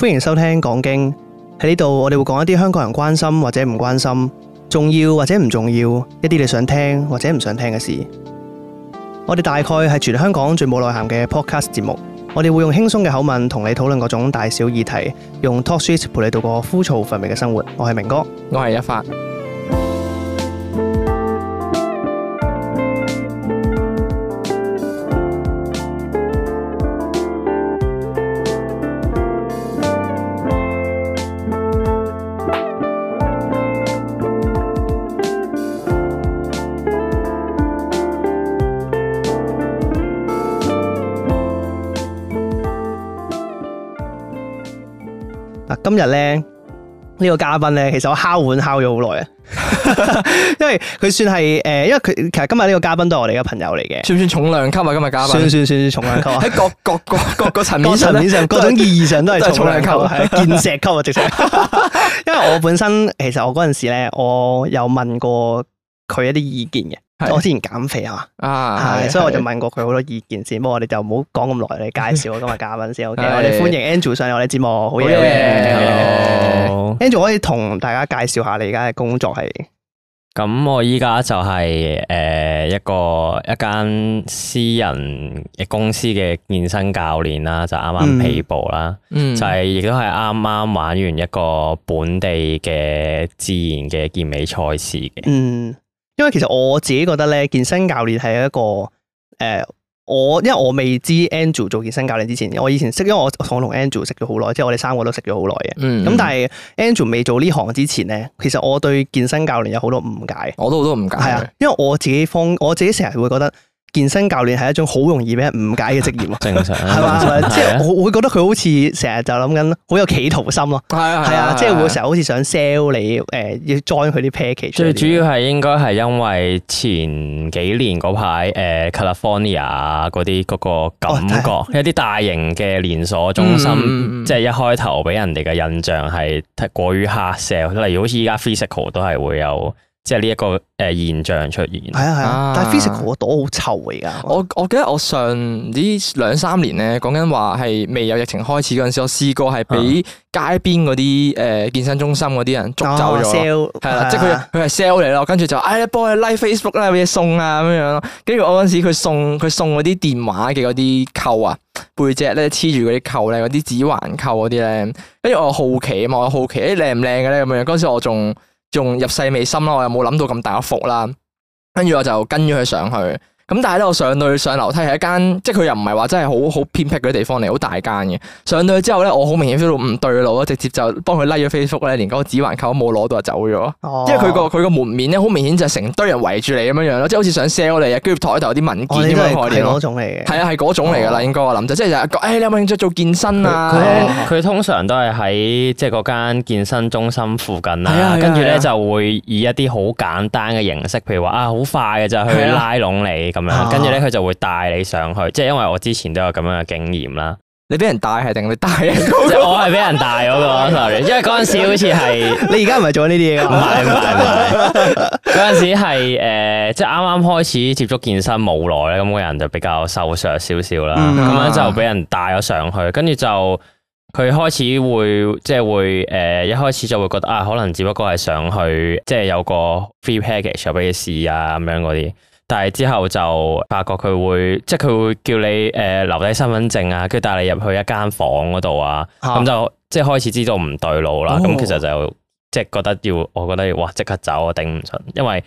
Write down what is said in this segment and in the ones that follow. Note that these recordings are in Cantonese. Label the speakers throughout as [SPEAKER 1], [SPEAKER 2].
[SPEAKER 1] 歡迎收聽講經，喺呢度，我哋會講一啲香港人關心或者唔關心，重要或者唔重要一啲你想聽或者唔想聽嘅事。我哋大概係全香港最冇內涵嘅 podcast 節目，我哋會用輕鬆嘅口吻同你討論各種大小議題，用 Talk Shit 陪你度過枯燥乏味嘅生活。我係明哥，我係一發。今日咧呢、這個嘉賓咧，其實我敲碗敲咗好耐啊，因為佢算係誒，因為佢其實今日呢個嘉賓都係我哋嘅朋友嚟嘅，算唔算重量級啊？今日嘉賓？算算算重量級啊！喺 各各個各個層面、層 面上、各種意義上都係重量級，係 健碩級啊！直情， 因為我本身其實我嗰陣時咧，我有問過佢一啲意見嘅。我之前減肥係嘛？係，所以我就問過佢好多意見先。不過我哋就唔好講咁耐嚟介紹我今日嘉賓先。O、okay? K，我哋歡迎 Andrew 上嚟我哋節目，好嘢嘅。Hello，Andrew，可以同大家介紹下你而家嘅工作係？
[SPEAKER 2] 咁我依家就係、是、誒、呃、一個一間私人公司嘅健身教練啦，就啱啱起步啦，就係亦都係啱啱玩完一個本地嘅自然嘅健美賽事嘅。
[SPEAKER 1] 嗯。因為其實我自己覺得咧，健身教練係一個誒、呃，我因為我未知 Andrew 做健身教練之前，我以前識，因為我同 Andrew 食咗好耐，即係我哋三個都食咗好耐嘅。嗯，咁但係 Andrew 未做呢行之前咧，其實我對健身教練有好多誤解，我都好多誤解係啊，因為我自己方，我自己成日會覺得。健身教練係一種好容易俾人誤解嘅職業，正常，係嘛？即係我會覺得佢好似成日就諗緊好有企圖心咯，係啊，係啊，即係會成日好似想 sell 你誒要 join 佢啲 package。最主
[SPEAKER 2] 要係應該係因為前幾年嗰排誒 California 嗰啲嗰個感覺，一啲大型嘅連鎖中心，即係一開頭俾人哋嘅印象係過於黑 sell。例如好似依家 physical 都係會有。即係呢一個誒現象出現，係啊係啊，但係 Facebook
[SPEAKER 1] 個朵好臭啊而家。
[SPEAKER 2] 我我記得我上呢兩三年咧，講緊話係
[SPEAKER 3] 未有疫情開始嗰陣時，我試過係俾街邊嗰啲誒健身中心嗰啲人捉走咗，係啦、哦，即係佢佢係 sale 嚟咯，跟住的的就哎，幫我拉、like、Facebook 啦、啊，俾嘢送啊，咁樣咯。跟住我嗰陣時佢送佢送嗰啲電話嘅嗰啲扣啊，背脊咧黐住嗰啲扣咧，嗰啲指環扣嗰啲咧，跟住我好奇啊嘛，我好奇誒靚唔靚嘅咧，咁樣嗰陣時我仲，仲入世未深啦，我又冇諗到咁大嘅福啦，跟住我就跟咗佢上去。咁但係咧，我上到去上樓梯係一間，即係佢又唔係話真係好好偏僻嘅地方嚟，好大間嘅。上到去之後咧，我好明顯 feel 到唔對路咯，直接就幫佢拉、like、咗 Facebook 咧，連嗰個指環球都冇攞到就走咗。哦、oh.，即係佢個佢個門面咧，好明顯就成堆人圍住你咁樣樣咯，即係好似想 sell 我你啊。跟住台頭啲文件咁樣樣，係嗰種嚟嘅，係啊理，係嗰種嚟㗎啦，oh. 應該我諗，即係就你有冇興趣做健身啊？
[SPEAKER 2] 佢通常都係喺即係嗰間健身中心附近啦，跟住咧就會以一啲好簡單嘅形式，譬如話啊，好快嘅就去拉攏你的跟住咧，佢就會帶你上去，即係因為我之前都有咁樣嘅經驗啦。你俾人帶係定你帶啊、嗰個？即 我係俾人帶嗰、嗰個，sorry。因為嗰陣時好似係你而家唔係做呢啲嘢，唔係唔係唔係。嗰陣 時係、呃、即係啱啱開始接觸健身冇耐咧，咁個人就比較瘦削少少啦。咁、嗯啊、樣就俾人帶咗上去，跟住就佢開始會即係會誒、呃，一開始就會覺得啊，可能只不過係上去即係有個 free package 俾你試啊咁樣嗰啲。但係之後就發覺佢會，即係佢會叫你誒、呃、留低身份證啊，跟住帶你入去一間房嗰度啊，咁、啊、就即係開始知道唔對路啦。咁、哦、其實就即係覺得要，我覺得要哇，即刻走啊，頂唔順，因為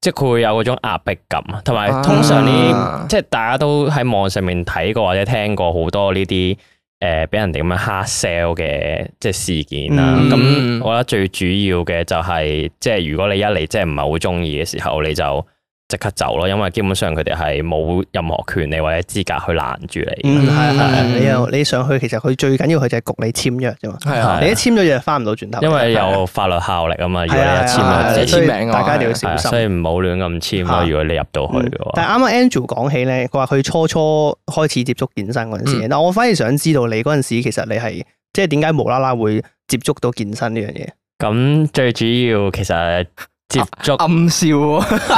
[SPEAKER 2] 即係佢會有嗰種壓迫感，啊。同埋通常呢，即係大家都喺網上面睇過或者聽過好多呢啲誒俾人哋咁樣 hard sell 嘅即係事件啦、啊。咁、嗯、我覺得最主要嘅就係、是，即係如果你一嚟即係唔係好中意嘅時候，你就。即刻走咯，因為基本上佢哋係冇任何權利或者資格去攔住你。係係、嗯、是你又
[SPEAKER 1] 你上去，其實佢最緊要佢就係焗你簽約啫嘛。係是你一
[SPEAKER 2] 簽咗嘢，翻唔到轉頭。是是因為有法律效力啊嘛，是是如果你一簽簽名大家一定要小心。啊、所以唔好亂咁簽咯，是如果你入到去嘅話。嘅、
[SPEAKER 1] 嗯、但係啱啱 Andrew 講起咧，佢話佢初初開始接觸健身嗰陣時，嗱、嗯，但我反而想知道你嗰陣時，其實你係即係點解無啦啦會接觸到健身呢樣嘢？
[SPEAKER 2] 咁最主要，其實。接觸、啊、暗笑，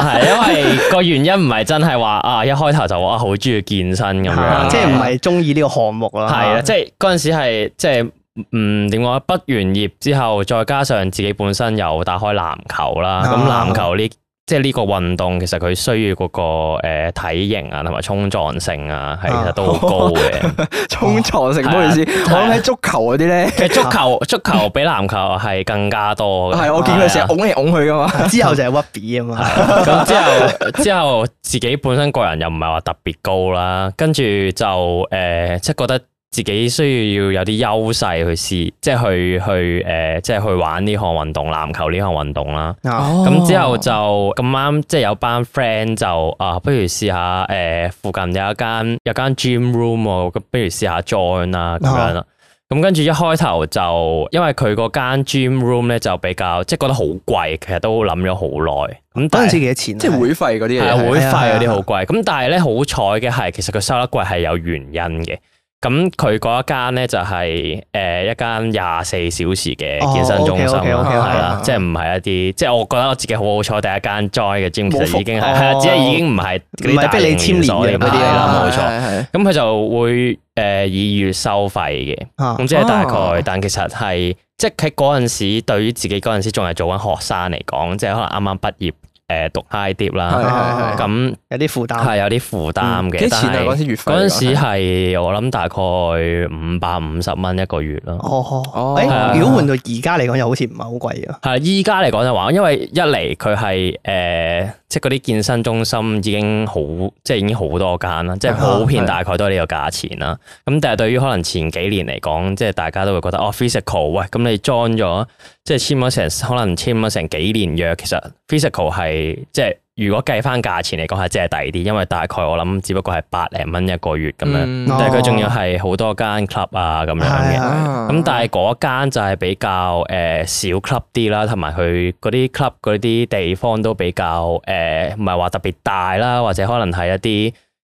[SPEAKER 2] 係 因為個原因唔係真係話啊，一開頭就哇好中意健身咁 樣，即係唔
[SPEAKER 1] 係中意呢個項目啦。係啊，
[SPEAKER 2] 即係嗰陣時係即係嗯點講？畢完業之後，再加上自己本身又打開籃球啦，咁籃 球呢？ 即係呢個運動其實佢需要嗰個誒體型啊，同埋衝撞性啊，係其實都好高嘅。
[SPEAKER 3] 衝撞性唔好意思，哦啊啊啊、我諗起足球嗰啲咧。其實足
[SPEAKER 2] 球足球比籃球係更加多嘅。係我見佢成日
[SPEAKER 3] 拱嚟拱去㗎嘛， 之後就係屈比 b 啊嘛。
[SPEAKER 2] 咁 之後之後自己本身個人又唔係話特別高啦，跟住就誒、呃、即係覺得，自己需要要有啲優勢去試，即係去去誒、呃，即係去玩呢項運動，籃球呢項運動啦。咁、哦、之後就咁啱，即係有班 friend 就啊，不如試下誒，附近有一間有間 gym room，咁不如試下 join 啦咁樣啦。咁跟住一開頭就，因為佢嗰間 gym room 咧就比較即係覺得好貴，其實都諗咗好耐。咁當時
[SPEAKER 3] 幾多錢？即係會費嗰啲嘢，會費嗰啲好
[SPEAKER 2] 貴。咁呀呀但係咧好彩嘅係，其實佢收得貴係有原因嘅。咁佢嗰一間咧就係誒一間廿四小時嘅健身中心係啦，即係唔係一啲，即係我覺得我自己好好彩，第一間 join 嘅 gym 其實已經係係啊，即係已經唔係唔係俾你簽年嗰啲啦，冇錯。咁佢對是對 就會誒以月收費嘅，咁即係大概。但其實係即係喺嗰陣時，對於自己嗰陣時仲係做緊學生嚟講，即係可能啱啱畢業。誒，讀 high dip 啦，咁、啊、那有啲負擔係有啲負擔嘅。嗯、錢但錢是嗰時月費嗰陣時係我諗大概五百五十蚊一個月咯。
[SPEAKER 1] 哦哦，誒、哦，欸、如果換到而家嚟講又好似唔係好貴啊。
[SPEAKER 2] 係依家嚟講就話，因為一嚟佢係誒。呃即係嗰啲健身中心已經好，即係已經好多間啦，即係普遍大概都係呢個價錢啦。咁、uh、huh, 但係對於可能前幾年嚟講，即係大家都會覺得哦，physical 喂，咁你 join 咗，即係簽咗成，可能簽咗成幾年約，其實 physical 係即係。如果計翻價錢嚟講，係即係抵啲，因為大概我諗只不過係百零蚊一個月咁樣，但係佢仲要係好多間 club 啊咁樣嘅。咁但係嗰間就係比較誒小 club 啲啦，同埋佢嗰啲 club 嗰啲地方都比較誒唔係話特別大啦，或者可能係一啲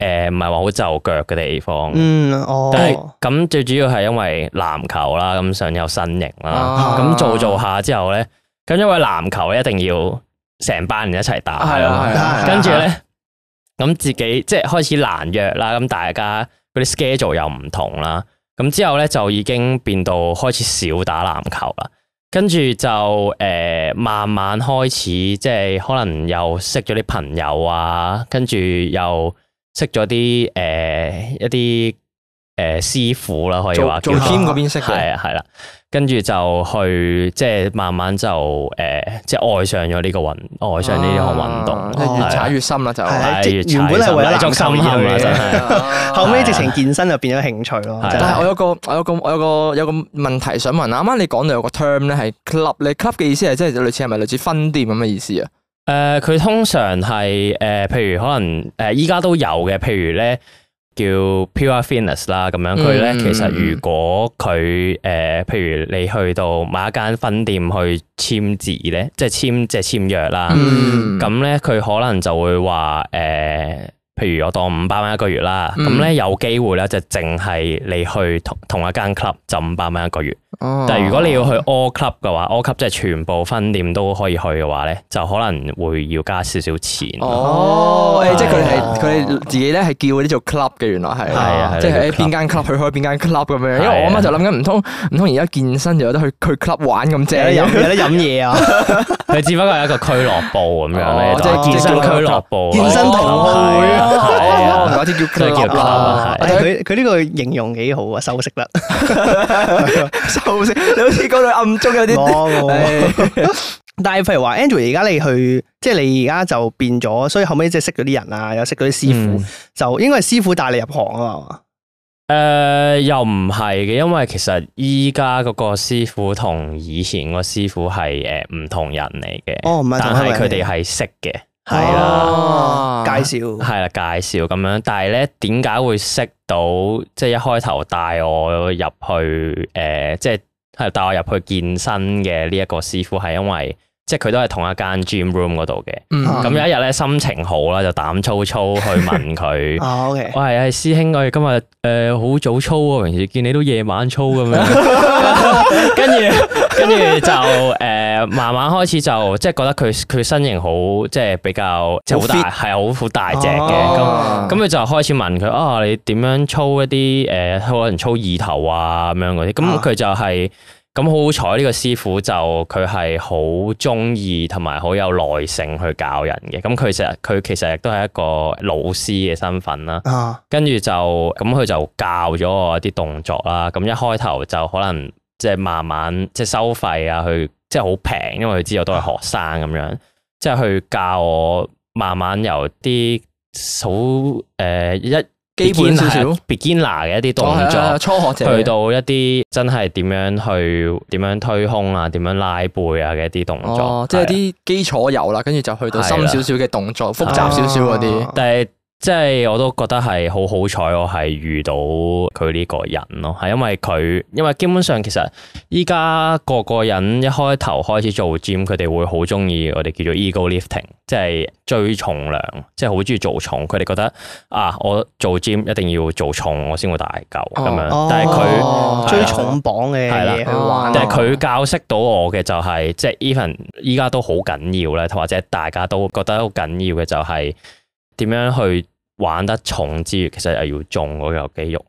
[SPEAKER 2] 誒唔係話好就腳嘅地方。嗯哦，但係咁最主要係因為籃球啦，咁想有身形啦，咁做做下之後咧，咁因為籃球一定要。成班人一齊打，啊啊、跟住咧，咁、啊、自己即係開始難約啦。咁大家嗰啲 schedule 又唔同啦。咁之後咧就已經變到開始少打籃球啦。跟住就誒、呃，慢慢開始即係可能又識咗啲朋友啊。跟住又識咗啲誒一啲誒、呃呃、師傅啦、啊，可以話做 gym 嗰邊識嘅，係啊，係啦、啊。跟住就去，即係慢慢就誒、呃，即係愛上咗呢個運，愛上呢行運動，啊、越踩越深啦就。係原本係為咗一種心癮啊，真係的。啊、
[SPEAKER 1] 後尾直情健身就變咗興趣咯。啊、但係我有個
[SPEAKER 3] 的我有個我有個我有個問題想問，啱啱你講到有個 term 咧係立 l u 你 c 嘅意思係即係類似係咪類似分店咁嘅意思啊？
[SPEAKER 2] 誒、呃，佢通常係誒、呃，譬如可能誒，依家都有嘅，譬如咧。叫 Pure Fitness 啦，咁樣。佢咧其實如果佢誒、呃，譬如你去到某一間分店去簽字咧，即係簽即係簽約啦，咁咧佢可能就會話誒、呃譬如我當五百蚊一個月啦，咁咧有機會咧就淨係你去同同一間 club 就五百蚊一個月，
[SPEAKER 4] 但係如果你要
[SPEAKER 2] 去 all club 嘅話，all club 即係全部分店都可以去嘅話咧，就可能會要加少少錢。哦，即係佢哋佢自己咧係叫嗰啲做 club 嘅，原來係，係啊，即係
[SPEAKER 3] 邊間 club 去開邊間 club 咁樣，因為我阿媽就諗緊，唔通唔通而家健身就有得去去 club 玩咁正，有得咧飲嘢啊，
[SPEAKER 2] 佢只不過係一個俱樂部咁樣咧，即係健身俱樂部、健身同好會。
[SPEAKER 1] 嗰啲叫佢，佢呢個形容幾好啊，修飾得，
[SPEAKER 3] 修飾，你好似講到暗中有啲。
[SPEAKER 1] 但係譬如話，Andrew 而家你去，即係你而家就變咗，所以後尾即係識咗啲人啊，又識咗啲師傅，就應該係師傅帶你入行啊嘛。
[SPEAKER 2] 誒，又唔係嘅，因為其實依家嗰個師傅同以前個師傅係誒唔同人嚟嘅。哦，唔係，但係佢哋係識嘅，係啦。係啦，介紹咁樣，但係咧點解會識到？即係一開頭帶我入去，誒、呃，即係帶我入去健身嘅呢一個師傅，係因為即係佢都係同一間 gym room 嗰度嘅。嗯，咁有一日咧、嗯、心情好啦，就膽粗粗去問佢。哦，O K，喂、師兄，我、哎、哋今日誒好早操喎、哦，平時見你都夜晚操咁樣，跟住。 跟住就誒、呃，慢慢開始就即係覺得佢佢身形好，即係比較即係好大，係好好大隻嘅。咁咁佢就開始問佢啊，你點樣操一啲誒？可、呃、能操二頭啊咁樣嗰啲。咁佢就係咁好彩，呢、oh. 就係、個師傅就佢係好中意同埋好有耐性去教人嘅。咁佢成日佢其實亦都係一個老師嘅身份啦。跟住就咁佢就教咗我啲動作啦。咁一開頭就可能。即係慢慢即係收費啊，去即係好平，因為佢知道都係學生咁樣，即係去教我慢慢由啲好誒一、呃、一基本少少 beginner 嘅一啲動作、哦啊啊，初學者去到一啲真係點樣去點樣推胸啊，點樣拉背啊嘅一啲動作，
[SPEAKER 3] 哦、即係啲基礎有啦，跟住是、啊、就去到深少少嘅動作，對了 複雜少少嗰啲，
[SPEAKER 2] 但係。即係我都覺得係好好彩，我係遇到佢呢個人咯，係因為佢，因為基本上其實依家個個人一開頭開始做 gym，佢哋會好中意我哋叫做 ego lifting，即係追重量，即係好中意做重，佢哋覺得啊，我做 gym 一定要做重，我先會大嚿咁樣。但係佢追
[SPEAKER 1] 重磅嘅嘢去玩，但係佢
[SPEAKER 2] 教識到我嘅就係、是、即係 even 依家都好緊要咧，或者大家都覺得好緊要嘅就係、是。點樣去玩得重之餘，其實又要重嗰嚿肌肉，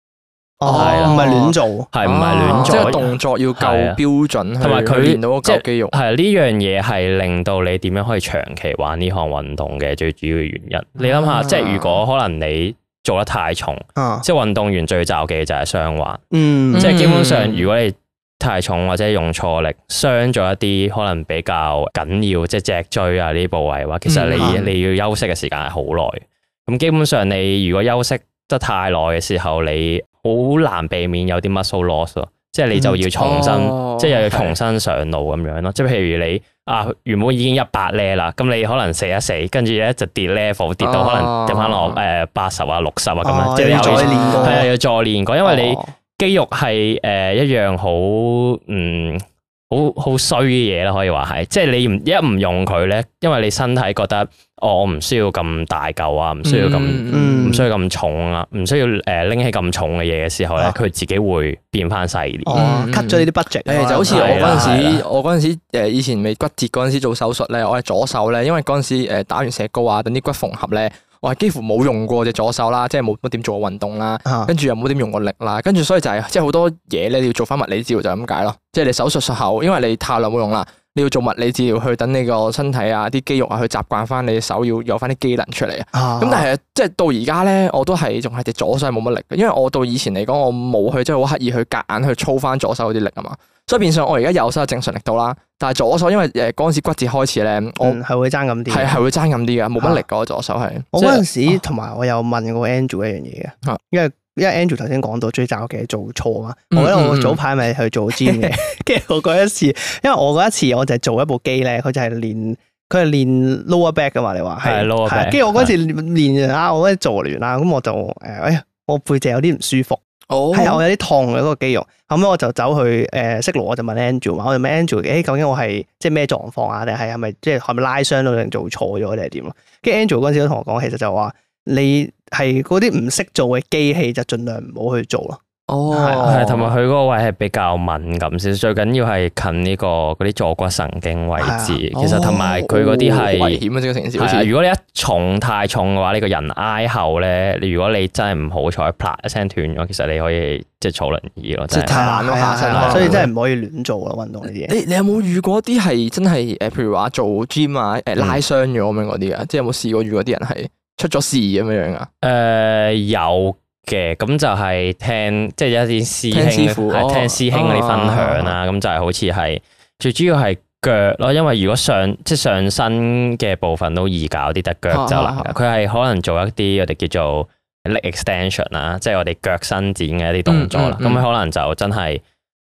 [SPEAKER 2] 哦，係唔係亂做？係唔係亂做？哦、即係動
[SPEAKER 3] 作要夠標準，同埋佢練到嗰嚿
[SPEAKER 2] 肌肉。係呢樣嘢係令到你點樣可以長期玩呢項運動嘅最主要嘅原因。啊、你諗下，即係如果可能你做得太重，啊、即係運動員最罩忌嘅就係傷患。嗯，嗯即係基本上如果你。太重或者用錯力，傷咗一啲可能比較緊要，即係脊椎啊呢啲部位嘅話，其實你、嗯、你要休息嘅時間係好耐。咁基本上你如果休息得太耐嘅時候，你好難避免有啲 muscle loss 咯，即係你就要重新，嗯哦、即係又要、哦、要重新上路咁樣咯。即係譬如你啊，原本已經一百 level 啦，咁你可能死一死，跟住咧就跌 level，跌到可能跌翻落誒八十啊、六十啊咁樣，哦哦、即係、哦、要再練過，係啊，要再練過，因為你。哦肌肉係誒、呃、一樣好嗯好好衰嘅嘢啦，可以話係，即係你唔一唔用佢咧，因為你身體覺得、哦、我我唔需要咁大嚿啊，唔需要咁唔、嗯嗯、需要咁重啊，唔需要誒拎、呃、起咁重嘅嘢嘅時候咧，佢自己會變翻細啲，cut 咗啲
[SPEAKER 3] budget。誒、嗯 bud 嗯、就好似我嗰陣時，我嗰陣時、呃、以前咪骨折嗰陣時做手術咧，我係左手咧，因為嗰陣時誒打完石膏啊，等啲骨縫合咧。我係幾乎冇用過隻左手啦，即係冇乜點做運動啦，跟住、啊、又冇點用過力啦，跟住所以就係即係好多嘢咧，你要做翻物理治療就咁解咯。即係你手術術後，因為你太耐冇用啦，你要做物理治療去等你個身體啊、啲肌肉啊去習慣翻你手要有翻啲機能出嚟啊。咁但係即係到而家咧，我都係仲係隻左手係冇乜力，因為我到以前嚟講，我冇去即係好刻意去夾硬去操翻左手嗰啲力啊嘛。即係變相，我而家右手有正常力度啦，但係左手因為誒嗰陣時骨折開始咧，我係、嗯、會爭咁啲，係係會爭咁啲嘅，冇乜力嘅。啊、左手係我嗰陣
[SPEAKER 1] 時同埋我有問過 Andrew 一樣嘢嘅，因為、啊、因為 Andrew 頭先講到最扎嘅做錯啊，嗯嗯嗯我因為我早排咪去做 gym 嘅，跟住 我嗰一次，因為我嗰一次我就係做一部機咧，佢就係練佢係練 lower back 嘅嘛，你話係 l 跟住我嗰次練啊是，我嗰啲做練啊，咁我就誒，哎呀，我背脊有啲唔舒服。係啊， 我有啲痛嘅，嗰、那個肌肉，咁咧我就走去誒、呃，識路我就問 Andrew，我問咩 Andrew 嘅、欸？誒，究竟我係即係咩狀況啊？定係係咪即係係咪拉傷咯？定做錯咗定係點咯？跟 Andrew 嗰陣時都同我講，其實就話你係嗰啲唔識做嘅機器就盡量唔好去做咯。哦，係、oh.，同埋佢
[SPEAKER 2] 嗰個位係比較敏感少少，最緊要係近呢個嗰啲坐骨神經位置，oh. 其實同埋佢嗰啲係危險啊！呢如果你一重太重嘅話，呢、呢個人挨後咧，你如果你真係唔好彩，啪一聲斷咗，其實你可以即係坐輪椅咯，即係癱咗下身啦，所以真係
[SPEAKER 3] 唔可
[SPEAKER 1] 以亂做咯，運動呢啲
[SPEAKER 3] 嘢。誒，你有冇遇過啲係真係誒，譬如話做 gym 啊，誒拉傷咗咁樣嗰啲啊？嗯、即係有冇試過遇過啲人係出咗事咁樣
[SPEAKER 2] 樣啊？誒、呃，有。嘅咁就係聽即係、就是、一啲師兄係聽，聽師兄嗰啲分享啦，咁、哦哦、就係好似係最主要係腳咯，因為如果上即係上身嘅部分都易搞啲，得係腳就難。佢係、哦哦、可能做一啲我哋叫做 leg extension 啦，即係我哋腳伸展嘅一啲動作啦。咁、嗯嗯、可能就真係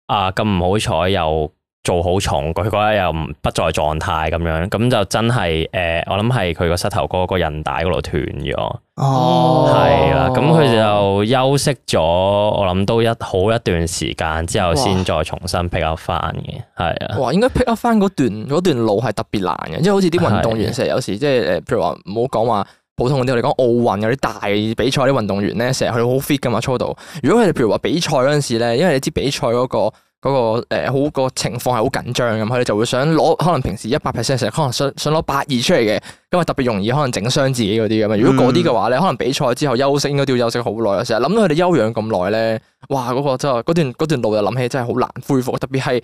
[SPEAKER 2] 啊咁唔好彩又做好重，佢覺得又不在狀態咁樣，咁就真係誒，我諗係佢個膝頭哥個韌帶嗰度斷咗。哦，係啦，咁佢就休息咗，我諗都一好一段時間之後先再重新 pick up 翻嘅，係
[SPEAKER 3] 啊。哇，的應該 pick up 翻嗰段段路係特別難嘅，因為好似啲運動員成日有時即係誒，的譬如話唔好講話普通啲。我哋嚟講奧運啲大比賽啲運動員咧，成日佢好 fit 噶嘛，速度。如果佢哋譬如話比賽嗰陣時咧，因為你知比賽嗰、那個。嗰、嗰個、欸、好、嗰個情況係好緊張咁，佢哋就會想攞可能平時一百 percent 成日可能想想攞百二出嚟嘅，因為特別容易可能整傷自己嗰啲咁，如果嗰啲嘅話咧，可能比賽之後休息應該都要休息好耐啊。成日諗到佢哋休養咁耐咧，哇！嗰、嗰個、真係段段路又諗起真係好難恢復，特別係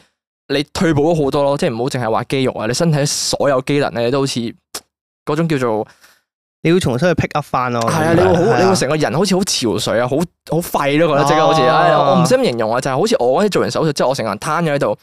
[SPEAKER 3] 你退步咗好多咯，即係唔好淨係話肌肉啊，你身體所有機能咧都好似嗰種叫做。你要重新去 pick up 翻、哦、咯，係啊，白啊你會好，你會成個人好似好憔悴啊，好好廢咯，覺得即刻好似，哦哎、呦我唔識咁形容啊，就係、是、好似我嗰啲做完手術，之、就、係、是、我成個人攤咗喺度。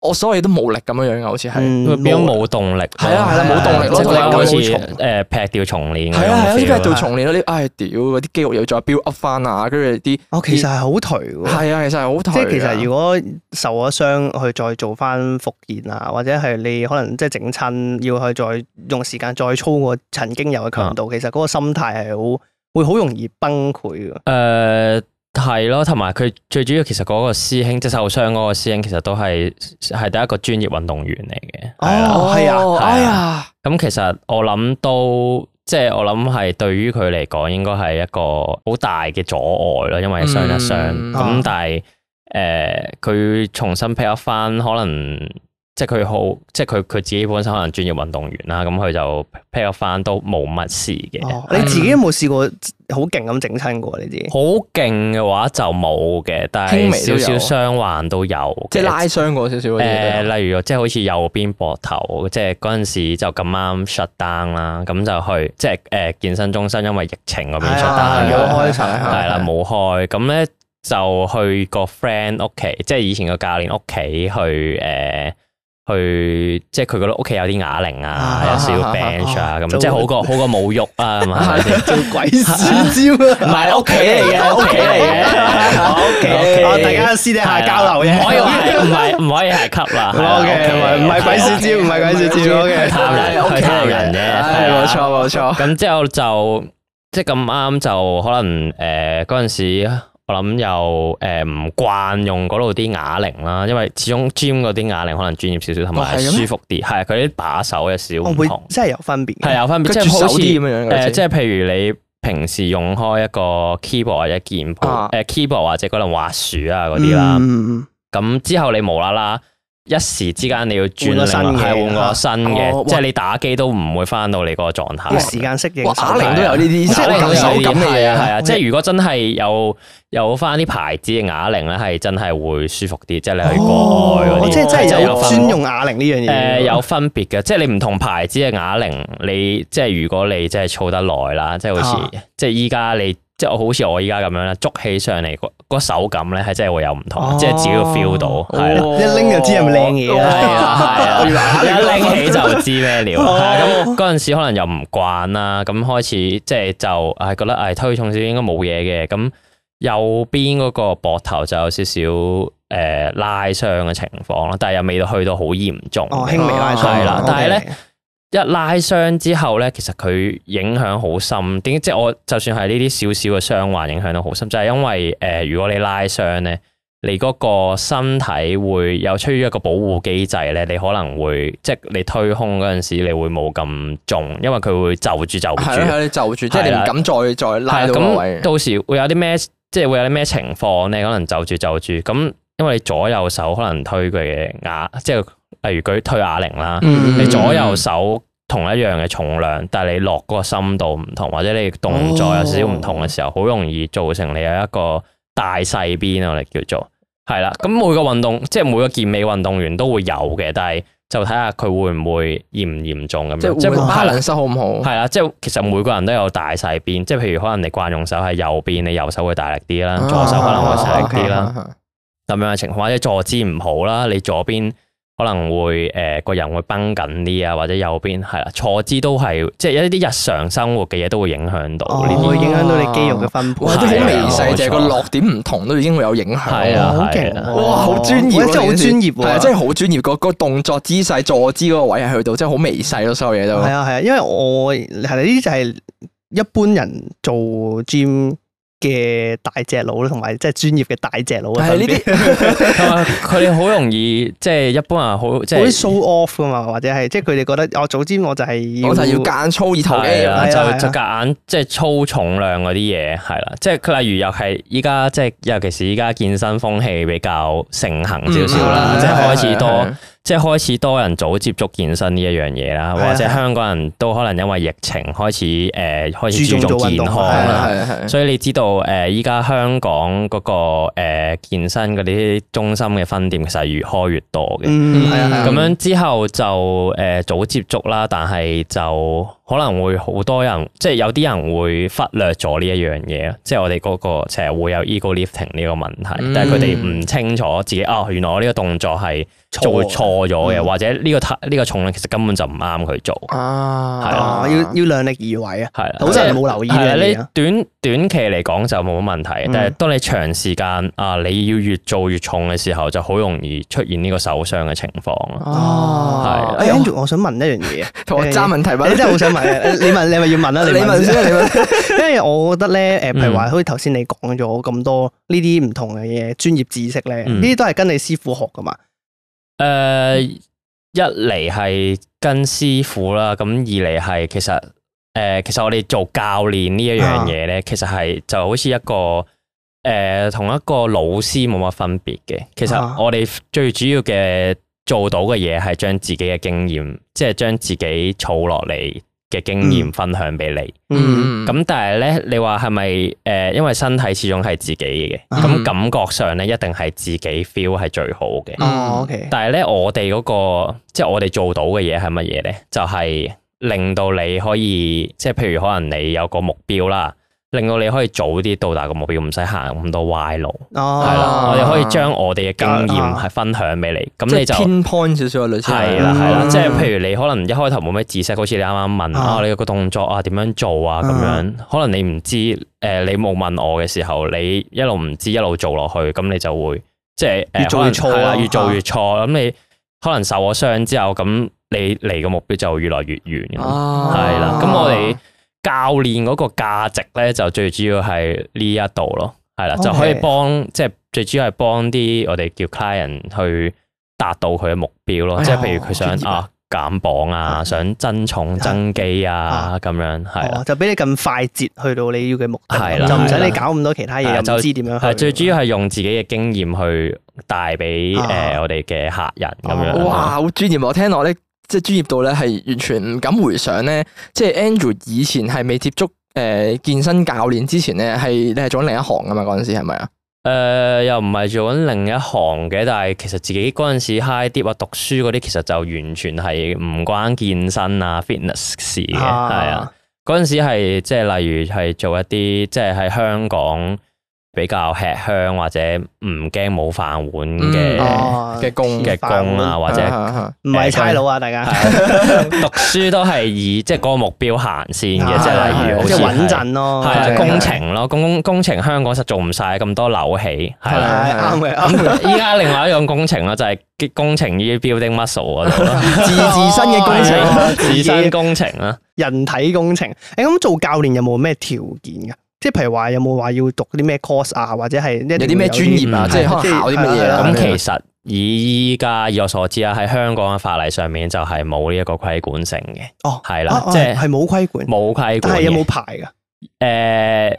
[SPEAKER 3] 我所謂、嗯、有都冇力咁樣樣嘅，好似係，邊樣冇
[SPEAKER 2] 動力？係力啊，係啊，冇動力咯，即係、啊、好似誒劈掉重練。係啊係啊，啲嘢做重
[SPEAKER 3] 練嗰啲，唉、哎、屌，嗰啲肌肉又再 build up 翻啊，跟住啲
[SPEAKER 1] 我其實係好頹嘅。係啊，其實係好頹。即係其實如果受咗傷，去再做翻復健啊，或者係你可能即係整親，要去再用時間再操過曾經有嘅強度，啊、其實嗰個心態係好，
[SPEAKER 2] 會好容易崩潰嘅。誒。呃係咯，同埋佢最主要，其實嗰個師兄即係受傷嗰個師兄，師兄其實都係係第一個專業運動員嚟嘅。哦，係啊，係啊。咁其實我諗都即係、就是、我諗係對於佢嚟講，應該係一個好大嘅阻礙咯，因為傷一傷咁，嗯、但係誒佢重新 pick 翻可能。即係佢好，即係佢佢自己本身可能專業運動員啦，咁、嗯、佢就劈落翻都冇乜事嘅，
[SPEAKER 1] 啊。你自己有冇試過好勁咁整親過呢啲？好
[SPEAKER 2] 勁嘅話就冇嘅，但係少少傷患都有，即係拉傷過、嗯、少少。誒、呃，例如即係好似右邊膊頭，即係嗰陣時就咁啱 shut down 啦，咁就去即係誒、呃、健身中心，因為疫情嗰邊 shut down，好開心。係啦，冇、啊、開，咁、嗯、咧就去個 friend 屋企，即係以前個教練屋企去誒。呃去即係佢覺得屋企有啲啞鈴啊，有少 bench 啊，咁即係好過好過冇喐啊，咁啊做鬼燒焦，唔係屋企嚟嘅，屋企嚟嘅，屋企，大家私底下交流嘅，唔係唔可以係吸啊。OK 唔係鬼燒招，唔係鬼燒焦嘅
[SPEAKER 4] OK 貪人係貪人嘅，係冇
[SPEAKER 2] 錯冇錯。咁之後就即係咁啱就可能誒嗰陣時。我諗又誒唔慣用嗰度啲啞鈴啦，因為始終 gym 嗰啲啞鈴可能專業少少，同埋舒服啲。係佢啲把手嘅小唔同，
[SPEAKER 1] 即係有分別。係有分別，即係好似，咁樣嘅。即係
[SPEAKER 2] 譬如你平時用開一個 keyboard 或者鍵盤，誒，keyboard 或者可能滑鼠啊嗰啲啦。咁之後你無啦啦。一時之間你要轉個新嘅，換個新嘅，即係你打機都唔會翻到你個狀態。時間適應啞鈴都有呢啲，即係手係啊！即係如果真係有有翻啲牌子嘅啞鈴咧，係真係會舒服啲。即係你去以即係真係有有專用啞鈴呢樣嘢，誒，有分別嘅。即係你唔同牌子嘅啞鈴，你即係如果你即係操得耐啦，即係好似即係依家你。即係好似我依家咁樣啦，捉起上嚟嗰手感咧，係真係會有唔同，哦、即係只要 feel 到，係啦，一
[SPEAKER 1] 拎就知有冇靚嘢啦，係、哦、啊，一拎起就知咩料。咁嗰
[SPEAKER 2] 陣時可能又唔慣啦，咁開始即係就係覺得係、哎、推重少應該冇嘢嘅，咁右邊嗰個膊頭就有少少誒、呃、拉傷嘅情況啦，但係又未到去到好嚴重，輕、哦、微拉傷啦，okay、但係咧。一拉傷之後咧，其實佢影響好深。點解？即係我就算係呢啲小小嘅傷患，影響都好深。就係、是、因為誒、呃，如果你拉傷咧，你嗰個身體會有出於一個保護機制咧，你可能會即係你推胸嗰陣時，你會冇咁重，因為佢會就住就住。係啊了，就住，了即係你唔敢
[SPEAKER 3] 再再拉到嗰位。咁
[SPEAKER 2] 到時會有啲咩？即係會有啲咩情況咧？可能就住就住。咁因為你左右手可能推佢嘅壓，即係。例如舉推啞鈴啦，嗯、你左右手同一樣嘅重量，但係你落嗰個深度唔同，或者你動作有少少唔同嘅時候，好、哦、容易造成你有一個大細邊，我哋叫做係啦。咁每個運動，即係每個健美運動員都會有嘅，但係就睇下佢會唔會嚴唔嚴重咁樣，即係平衡力好唔好？係啦、啊，即係其實每個人都有大細邊，即係譬如可能你慣用手係右邊，你右手會大力啲啦，左手可能會細力啲啦，咁樣嘅情況，或者坐姿唔好啦，你左邊。可能會誒、呃、個人會繃緊啲啊，或者右邊係啦，坐姿都係，即係一啲日常生活嘅嘢都會影響到。哦哦、會影響到你肌肉嘅分配，啲好微細，就係個落點唔同都已經會有影響。係、哦、好勁
[SPEAKER 3] 啊，哇，好專業，真係好專業，係啊，真係好專業。個個動作姿勢坐姿嗰個位係去到，真係好
[SPEAKER 1] 微細咯，所有嘢都係啊係啊，因為我係呢啲就係一般人做 gym。嘅大隻佬同埋即係專業嘅大隻佬係呢啲，
[SPEAKER 2] 佢哋好容易即係一般人好，即係
[SPEAKER 1] show off 噶嘛，或者係即係佢哋覺得我早知我就係我就要夾硬操二頭肌，就就
[SPEAKER 2] 夾硬即係操重量嗰啲嘢，係啦，即係佢例如又係依家即係尤其是依家健身風氣比較盛行少少啦，即係開始多。即係開始多人早接觸健身呢一樣嘢啦，的或者香港人都可能因為疫情開始誒的開始注重健康啦，所以你知道誒依家香港嗰、那個、呃、健身嗰啲中心嘅分店其實越開越多嘅，咁、嗯、樣之後就誒早接觸啦，但係就可能會好多人，即係有啲人會忽略咗呢一樣嘢，即係我哋嗰、那個成日會有 ego lifting 呢個問題，但係佢哋唔清楚自己哦，原來我呢個動作係做錯咗嘅，或者呢個太呢個重量其實根本就唔啱佢做
[SPEAKER 1] 啊，係啦，要要量力而為啊，係啊，好多人冇留意咧。你
[SPEAKER 2] 短短期嚟講就冇乜問題，但係當你長時間啊你要越做越重嘅時候，就好容易出現呢個受傷嘅情況
[SPEAKER 1] 啊。係 Andrew，我想問一樣嘢，同我揸問題，你真係好想問你
[SPEAKER 2] 問你咪要問啊？你問先，你問，因為我覺
[SPEAKER 1] 得咧，誒，譬如話好似頭先你講咗咁多呢啲唔同嘅嘢專業知識咧，呢啲都係跟你師傅學噶嘛。
[SPEAKER 2] 誒，uh, 一嚟係跟師傅啦，咁二嚟係其實誒、呃，其實我哋做教練呢一樣嘢咧，其實係就好似一個誒、同、呃、一個老師冇乜分別嘅。其實我哋最主要嘅做到嘅嘢係將自己嘅經驗，即係將自己儲落嚟。嘅經驗分享俾你，咁、mm hmm. 但係咧，你話係咪誒？因為身體始終係自己嘅，咁、mm hmm. 感覺上咧一定係自己 feel 係最好嘅。啊，OK、mm。Hmm. 但係咧，我哋嗰、嗰個即係、就係、我哋做到嘅嘢係乜嘢咧？就係、係、令到你可以，即係譬如可能你有個目標啦。令到你可以早啲到達個目標，唔使行咁多壞路。係啦，我哋可以將我哋嘅經驗係分享俾你。咁你就偏
[SPEAKER 3] point 少少嘅類似。係啦係啦，即係譬如
[SPEAKER 2] 你可能一開頭冇咩知識，好似你啱啱問啊，你個動作啊點樣做啊咁樣，可能你唔知。誒，你冇問我嘅時候，你一路唔知一路做落去，咁你就會即係越做越錯啦。越做越錯，咁你可能受咗傷之後，咁你離個目標就越來越遠。係啦，咁我哋。教練嗰個價值咧就最主要係呢一度咯，係啦，就可以幫，即係最主要係幫啲我哋叫 client 去達到佢嘅目標咯，即係譬如佢想啊減磅啊，想增重增肌啊咁樣，係啦，
[SPEAKER 1] 就俾你咁快捷去到你要嘅目
[SPEAKER 2] 標，就唔使你搞咁多其他嘢，就知點樣，係最主要係用自己嘅經驗去帶俾誒我哋嘅客人咁樣。哇，
[SPEAKER 3] 好專業！我聽落咧。即係專業到咧，係完全唔敢回想咧。即係 Andrew 以前係未接觸誒健身教練之前咧，係你係做緊另一行噶嘛？嗰陣時係咪啊？
[SPEAKER 2] 誒、呃、又唔係做緊另一行嘅，但係其實自己嗰陣時 high 啲或讀書嗰啲，其實就完全係唔關健身啊 fitness 事嘅。係啊，嗰陣時係即係例如係做一啲即係喺香港，比較吃香或者唔驚冇飯碗嘅嘅工嘅工啊，或者唔係差佬啊，大家讀書都係以即係個目標行先嘅，即係例如好似穩陣咯，係工程咯，工工程香港實做唔晒咁多樓起，係啊，啱嘅啱嘅。依家另外一樣工程咧就係工程於 building muscle
[SPEAKER 1] 嗰度咯，自自身嘅工程，自身工程啦，人體工程。誒，咁做教練有冇咩條件噶？即係譬如話有冇話要讀啲咩 course 啊，或者係有啲咩專業啊，即係、嗯、對可以考啲乜嘢？咁、嗯、其實
[SPEAKER 2] 以依家以我所知啊，喺香港嘅法例上面就係冇呢一個規管性嘅。哦，係啦了，啊、即係係冇規管，冇規管，係有冇牌噶？誒，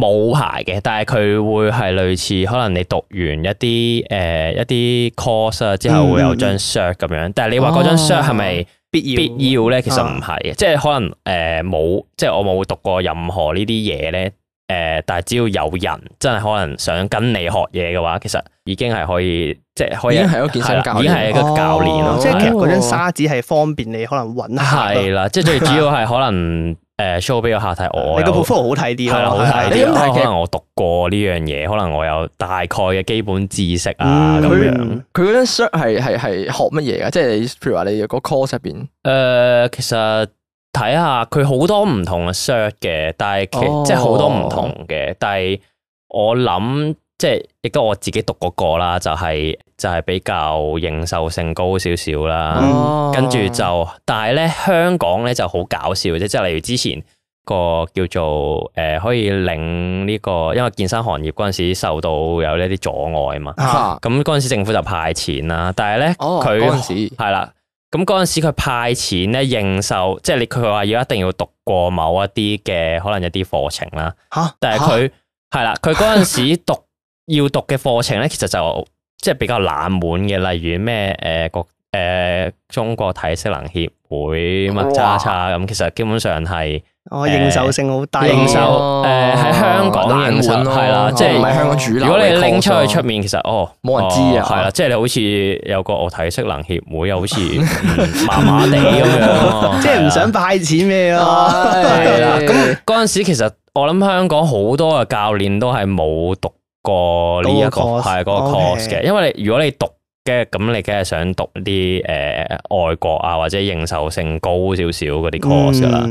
[SPEAKER 2] 冇牌嘅，但係佢會係類似，可能你讀完一啲誒、呃、一啲 course 之後會有張 cert 咁樣，但係你話嗰張 cert 係咪？必要咧，其實唔係、啊呃，即係可能誒冇，即係我冇讀過任何呢啲嘢咧，誒、呃，但係只要有人真係可能想跟你學嘢嘅話，其實已經係可以，即係可以係一的個教練咯。哦、的即係其實嗰張沙
[SPEAKER 1] 紙係方便你可能搵下。係啦的，即係最主要
[SPEAKER 2] 係可能。 誒，show 俾個客睇我。你個鋪幅好睇啲，啊，係啦，好睇啲。你咁 可能我讀過呢樣嘢，可能我有大概嘅基本知識啊咁，嗯、樣。
[SPEAKER 3] 佢嗰張 shirt 係係係學乜嘢㗎，即係譬如話你個 course 入邊。
[SPEAKER 2] 誒、呃，其實睇下佢好多唔同嘅 shirt 嘅，但係其、哦、即係好多唔同嘅，哦、但係我諗。即係，亦都我自己讀過個啦，就係、是、就係、是、比較認受性高少少啦。哦、跟住就，但係咧香港咧就好搞笑，即係即係例如之前個叫做誒、呃，可以領呢、這個，因為健身行業嗰陣時受到有一啲阻礙嘛。咁嗰陣時政府就派錢啦，但係咧佢係啦，咁嗰陣時佢派錢咧認受，即係你佢話要一定要讀過某一啲嘅可能一啲課程啦。吓哈，但係佢係啦，佢嗰陣時讀。 要讀嘅課程咧，其實就即係比較冷門嘅，例如咩誒國誒中國體適能協會乜叉叉咁，其實基本上係
[SPEAKER 1] 哦應受性好低，應受
[SPEAKER 2] 誒喺香港應係啦，即係唔係香港主流。如果你拎出去出面，其實哦冇人知啊，係啦，即係你好似有個體適能協會啊，好似麻麻地咁樣，即係
[SPEAKER 1] 唔想派錢咩咯？係啦，咁嗰陣
[SPEAKER 2] 時其實我諗香港好多嘅教練都係冇讀。過這個呢一個係個 course 嘅，那個、course okay 因為如果你讀嘅咁，你梗係想讀啲誒、呃、外國啊，或者認受性高少少嗰啲 course 噶啦。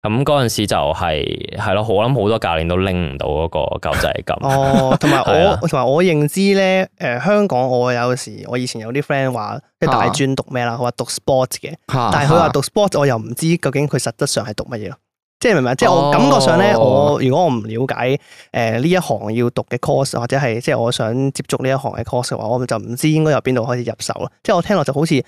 [SPEAKER 2] 咁嗰陣時就係係咯，我諗好多教練都拎唔到嗰個狗仔咁。哦，同埋 我
[SPEAKER 1] 同埋 對了 我認知咧，誒、呃，香港我有時我以前有啲 friend 話，即係大專讀咩啦，佢話讀 sport 嘅、啊，但係佢話讀 sport，我又唔知究竟佢實質上係讀乜嘢咯。即係明唔明？哦、即係我感覺上咧，我如果我唔了解誒呢、呃、一行要讀嘅 course 或者係即係我想接觸呢一行嘅 course 嘅話，我就唔知應該由邊度開始入手咯。即係我聽落就好似誒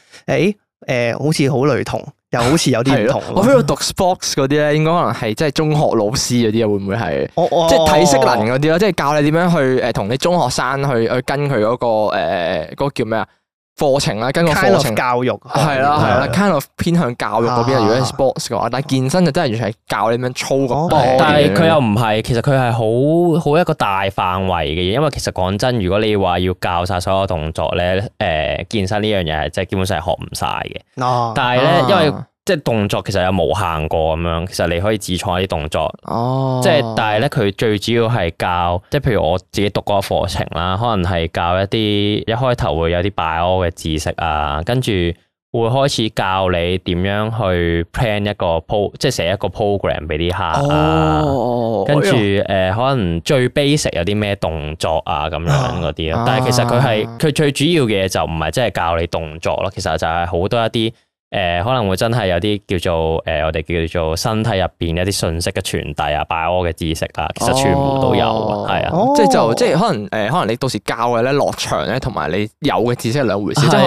[SPEAKER 1] 誒，好似好雷同，又好似有啲唔同。我喺
[SPEAKER 3] 度讀 sports 嗰啲咧，應該可能係即係中學老師嗰啲啊，會唔會係、哦哦？即係體適能嗰啲咯，即係教你點樣去誒同啲中學生去去跟佢嗰、嗰個誒嗰、呃嗰個叫咩啊？課程啦，跟個課程 kind of 教育係啦，係啦 kind of 偏向教育嗰邊，啊、如果 sports 嘅話、啊，但係健身就真係完全係教你咁樣操嘅。哦、但係佢又唔係，
[SPEAKER 2] 其實佢係好好一個大範圍嘅嘢，因為其實講真，如果你話要教晒所有動作咧，誒、呃、健身呢樣嘢係即係基本上係學唔晒嘅。
[SPEAKER 1] 啊、但係咧，啊、因為
[SPEAKER 2] 即係動作其實有無限個咁樣，其實你可以自創一啲動作。哦、oh.，即係但係咧，佢最主要係教，即係譬如我自己讀嗰個課程啦，可能係教一啲一開頭會有啲 bio 嘅知識啊，跟住會開始教你點樣去 plan 一個 pro，即係寫一個 program 俾啲客啊。
[SPEAKER 4] 跟住
[SPEAKER 2] 誒，可能最 basic 有啲咩動作啊咁樣嗰啲啊。Oh. Oh. 但係其實佢係佢最主要嘅嘢就唔係即係教你動作咯，其實就係好多一啲。誒，可能會真係有啲叫做誒，我哋叫做身體入邊一啲信息嘅傳遞啊，拜窩嘅知識啊，其實全部都有，係啊，即係就即係可能誒，可能你到時教嘅咧落場咧，同
[SPEAKER 3] 埋你有嘅知識係兩回事，即係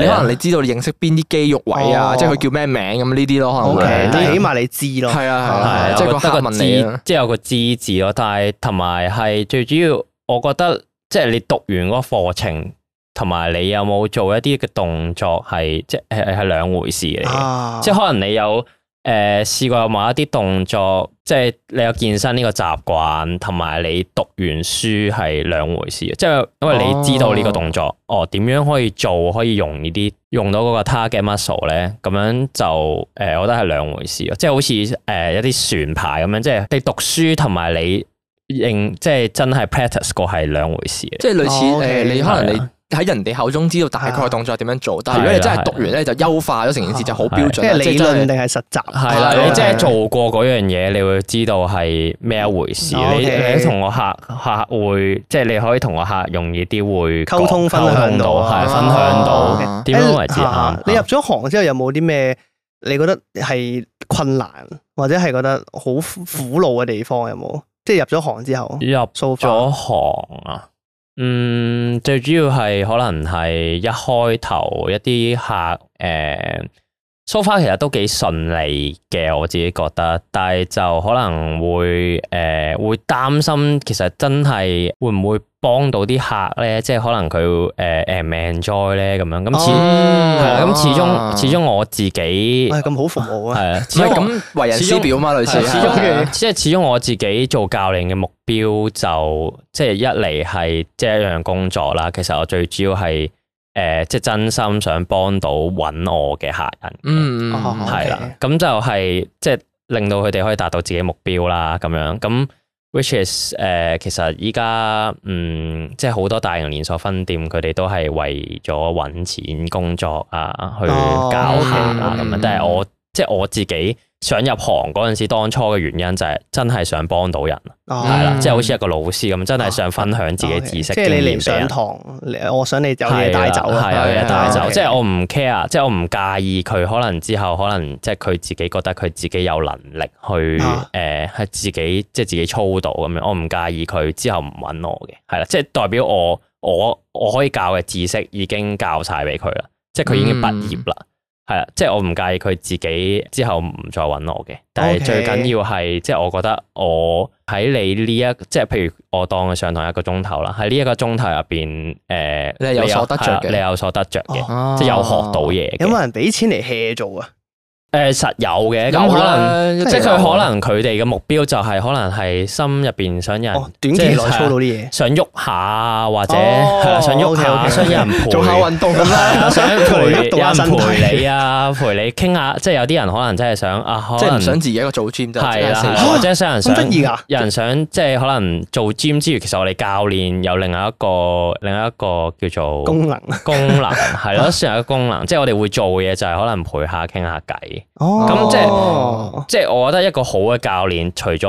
[SPEAKER 3] 你可能你知道認識邊啲肌肉位啊，即係佢叫咩名咁呢啲咯，可能你起碼你知咯，係啊，即係個知，
[SPEAKER 2] 即係有個知字咯，但係同埋係最主要，我覺得即係你讀完個課程。同埋你有冇做一啲嘅動作係即係係兩回事嚟嘅，啊、即係可能你有誒試、呃、過某一啲動作，即係你有健身呢個習慣，同埋你讀完書係兩回事即係因為你知道呢個動作，哦點、哦、樣可以做，可以用呢啲用到嗰個 target muscle 咧，咁樣就誒、呃，我覺得係兩回事即係好似誒、呃、一啲船牌咁樣，即係你讀書同埋你認即係真係 practice 過係兩回事，即係類似、哦 okay, uh, 你可能你。
[SPEAKER 3] 喺人哋口中知道大概動作點樣做，但係如果你真係讀完咧，就優化咗成件事就好標準。
[SPEAKER 2] 即係理論定
[SPEAKER 1] 係實習？係啦，即係做
[SPEAKER 2] 過嗰樣嘢，你會知道係咩一回事。你你同我客客會，即係你可以同我客容易啲會溝通分享到。係分享到嘅點樣為止？
[SPEAKER 1] 你入咗行之後有冇啲咩？你覺得係困難，或者係覺得好苦惱嘅地方有冇？即係入咗行之後
[SPEAKER 2] 入咗行啊？嗯，最主要係可能係一開頭一啲客誒。呃 So far，其實都幾順利嘅，我自己覺得，但係就可能會誒、呃、會擔心，其實真係會唔會幫到啲客咧？即係可能佢誒誒 enjoy 咧咁樣。咁始終始終、啊、始終我自己係
[SPEAKER 3] 咁好服務啊。係啊，唔係咁為人師表嘛，類似。始終
[SPEAKER 2] 即係、啊、始終我自己做教練嘅目標就即係一嚟係即係一樣工作啦。其實我最主要係。誒，即係真心想幫到搵我嘅客人，
[SPEAKER 4] 係啦，
[SPEAKER 2] 咁就係即係令到佢哋可以達到自己目標啦，咁樣。咁 which is 誒、呃，其實依家嗯，即係好多大型連鎖分店，佢哋都係為咗搵錢工作啊，去搞客啊咁、哦 okay, 樣。但係、嗯、我即係我自己。想入行嗰陣時，當初嘅原因就係真係想幫到人，係啦、嗯，即係好似一個老師咁，真係想分享自己知識、啊、okay, 經驗俾人，即係你嚟上
[SPEAKER 1] 堂，我想你就係帶走，係啊了，帶走。okay. 即係我
[SPEAKER 2] 唔 care，即係我唔介意佢可能之後可能即係佢自己覺得佢自己有能力去誒，係、啊呃、自己即係、就是、自己操到咁樣。我唔介意佢之後唔搵我嘅，係啦，即係代表我我我可以教嘅知識已經教晒俾佢啦，即係佢已經畢業啦。嗯係啦，即係我唔介意佢自己之後唔再揾我嘅，但係最緊要係，Okay. 即係我覺得我喺你呢一，即係譬如我當上堂一個鐘頭啦，喺呢一個鐘頭入邊，誒、呃，你有所得着嘅，你有所得着嘅，即係有學到嘢，啊。
[SPEAKER 1] 有冇人俾錢嚟 hea 做啊？
[SPEAKER 2] 誒，實有嘅。咁可能，即係佢可能佢哋嘅目標就係可能係心入邊想有人短期內操到啲嘢，想喐下啊，或者係啊，想喐下，想有人陪做下運動咁啦，想陪，有人陪你啊，陪你傾下，即係有啲人可能真係想啊，即係唔想自己一個做 gym 就係啦，即係想有人想，好得意㗎，有人想即係可能做 gym 之餘，其實我哋教練有另外一個另外一個叫做功能功能係咯，算係一個功能，即係我哋會做嘅嘢就係可能陪下傾下偈。哦，咁即係、哦、即係，我覺得一個好嘅教練，除咗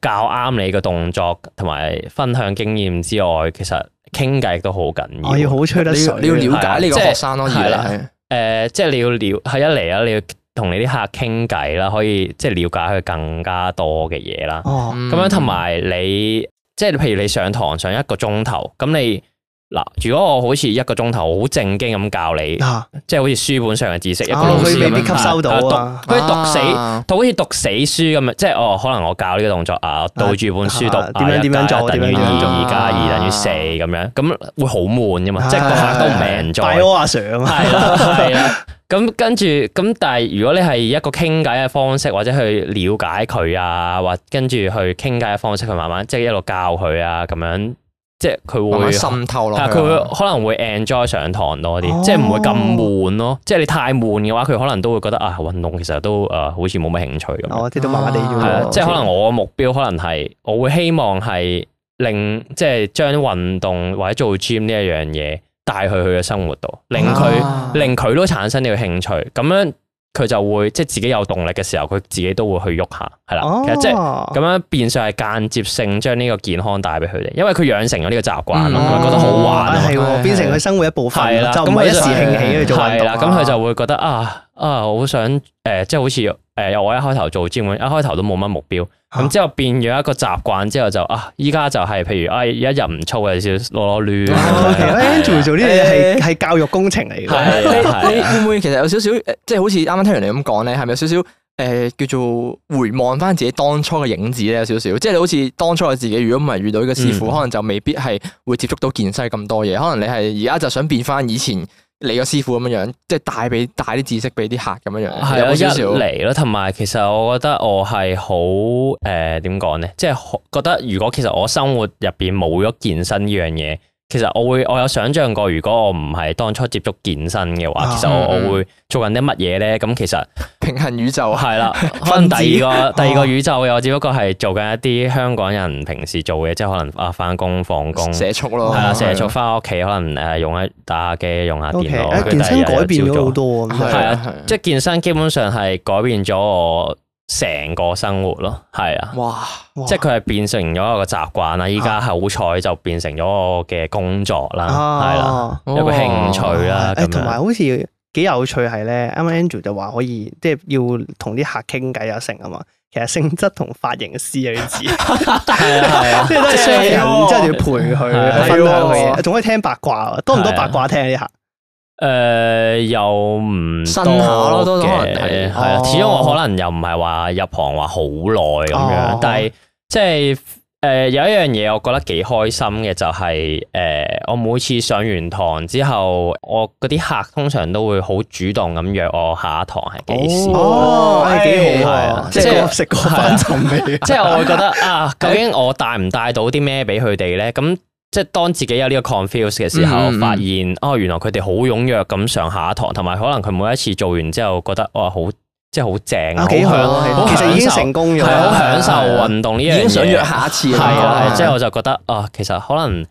[SPEAKER 2] 教啱你嘅動作同埋分享經驗之外，其實傾偈都好緊要。要好吹得水，你要了解呢個學生咯，係啦、啊，誒即，即係你要了，係一嚟啊，你要同你啲客傾偈啦，可以即係了解佢更加多嘅嘢啦。咁樣同埋你，即係譬如你上堂上一個鐘頭，咁你。嗱，如果我好似一個鐘頭好正經咁教你，即係好似書本上嘅知識，一個老師咁樣，佢未必吸收到，佢讀死，佢好似讀死書咁樣，即係哦，可能我教呢個動作啊，對住本書讀，點樣點樣做，等於二加二等於四咁樣，咁會好悶噶嘛，即係個客都唔明做。大窩啊，Sir，係啦，咁跟住咁，但係如果你係一個傾偈嘅方式，或者去了解佢啊，或者跟住去傾偈嘅方式去慢慢，即係一路教佢啊，咁樣。即係佢會滲透落，佢會可能會 enjoy 上堂多啲，哦、即係唔會咁悶咯。哦、即係你太悶嘅話，佢可能都會覺得啊，運動其實都誒、呃、好似冇乜興趣咁。哦，都慢慢即係麻麻地。即係可能我嘅目標可能係，我會希望係令即係將運動或者做 gym 呢一樣嘢帶去佢嘅生活度，令佢、哦啊、令佢都產生呢個興趣咁樣。佢就會即係自己有動力嘅時候，佢自己都會去喐下，係啦。哦、其實即係咁樣變相係間接性將呢個健康帶俾佢哋，因為佢養成咗呢個習慣咯，嗯啊、覺得好玩啊，係變成佢
[SPEAKER 1] 生活一部分啦，了就唔係一時興起去做運動。咁佢就
[SPEAKER 2] 會覺得了啊。啊！好想誒、呃，即係好似誒、呃，我一開頭做專門一開頭都冇乜目標，咁、啊、之後變咗一個習慣，之後就啊，依家就係譬如、哎、點點啊，一日唔操嘅少囉囉亂。
[SPEAKER 1] a 做呢啲嘢係係教育工程嚟
[SPEAKER 2] 嘅，你會唔會其實有少少，即係好似啱啱聽人哋咁講
[SPEAKER 3] 咧，係咪有少少誒，嗯嗯、叫做回望翻自己當初嘅影子咧？有少少，即係你好似當初嘅自己，如果唔係遇到呢個師傅，可能就未必係會接觸到健身咁多嘢。可能你係而家就想變翻以前。你個師傅咁樣樣，即係帶俾帶啲知識俾啲客咁樣樣，有少少嚟
[SPEAKER 2] 咯。同 埋，其實我覺得我係好誒，點講咧？即係覺得如果其實我生活入邊冇咗健身呢樣嘢。其實我會我有想象過，如果我唔係當初接觸健身嘅話，其實我我會做緊啲乜嘢咧？咁其實
[SPEAKER 3] 平行宇宙係、啊、啦，分第二個 子第二個宇
[SPEAKER 2] 宙嘅。我只不過係做緊一啲香港人平時做嘅，的即係可能啊翻工放工，社畜咯，係啊社畜翻屋企，可能誒用一打下機，用下電腦。Okay, 健身改變咗好
[SPEAKER 1] 多係啊，即係的的、就
[SPEAKER 2] 是、健身基本上係改變咗我，成個生活咯，係啊，哇，即係佢係變成咗一個習慣啦。依家、啊、好彩就變成咗我嘅工作啦，係啦、啊，有、啊、個興趣啦。同埋、
[SPEAKER 1] 哎、好似幾有趣係咧，啱啱 Andrew 就話可以，即、就、係、是、要同啲客傾偈啊，成啊嘛。嗯嗯、 其實性質同髮型師啊啲似，
[SPEAKER 2] 係啊，即係都係需要，即係要陪佢分享嘅嘢，仲、嗯嗯嗯
[SPEAKER 1] 嗯、可以聽八卦，多唔多八
[SPEAKER 2] 卦聽下啲客？是誒，又唔辛苦咯，都係係啊。始終我可能又唔係話入行話好耐咁樣，但係即係誒，有一樣嘢我覺得幾開心嘅就係誒，我每次上完堂之後，我嗰啲客通常都會好主動咁約我下一堂係幾時，哦，係，即係食過飯就
[SPEAKER 4] 未，即係我會覺得啊，究竟我
[SPEAKER 2] 帶唔帶到啲咩俾佢哋咧？咁即係當自己有呢個 confuse 嘅時候，嗯、哼發現哦，原來佢哋好踴躍咁上下一堂，同埋可能佢每一次做完之後，覺得哇好即係好正，好、啊、好，好享，其實已經成功咗，係好對對享受運動呢樣嘢，已經想約下一次啦。即係我就覺得啊，其實可能。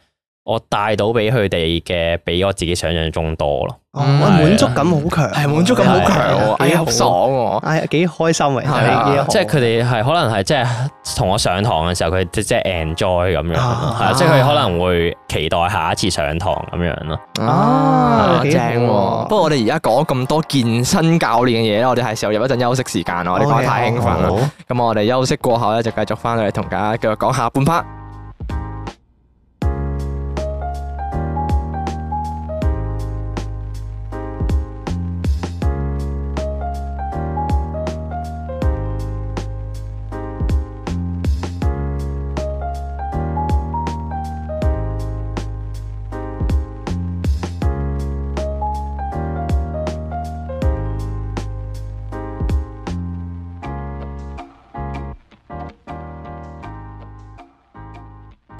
[SPEAKER 2] 我帶到俾佢哋嘅，比我自己想象中多咯。
[SPEAKER 1] 哦，滿足感好強，係滿足感好強，哎好爽喎，哎呀幾開心，即係佢
[SPEAKER 2] 哋係可能係即係同我上堂嘅時候，佢即係 enjoy 咁樣，係啊，即係佢可能會期待下一次上堂咁樣咯。啊，正，不
[SPEAKER 3] 過我哋而家講咁多健身教練嘅嘢，我哋係時候入一陣休息時間啦，我哋講太興奮啦，咁我哋休息過後咧，就繼續翻去同大家繼續講下半 part。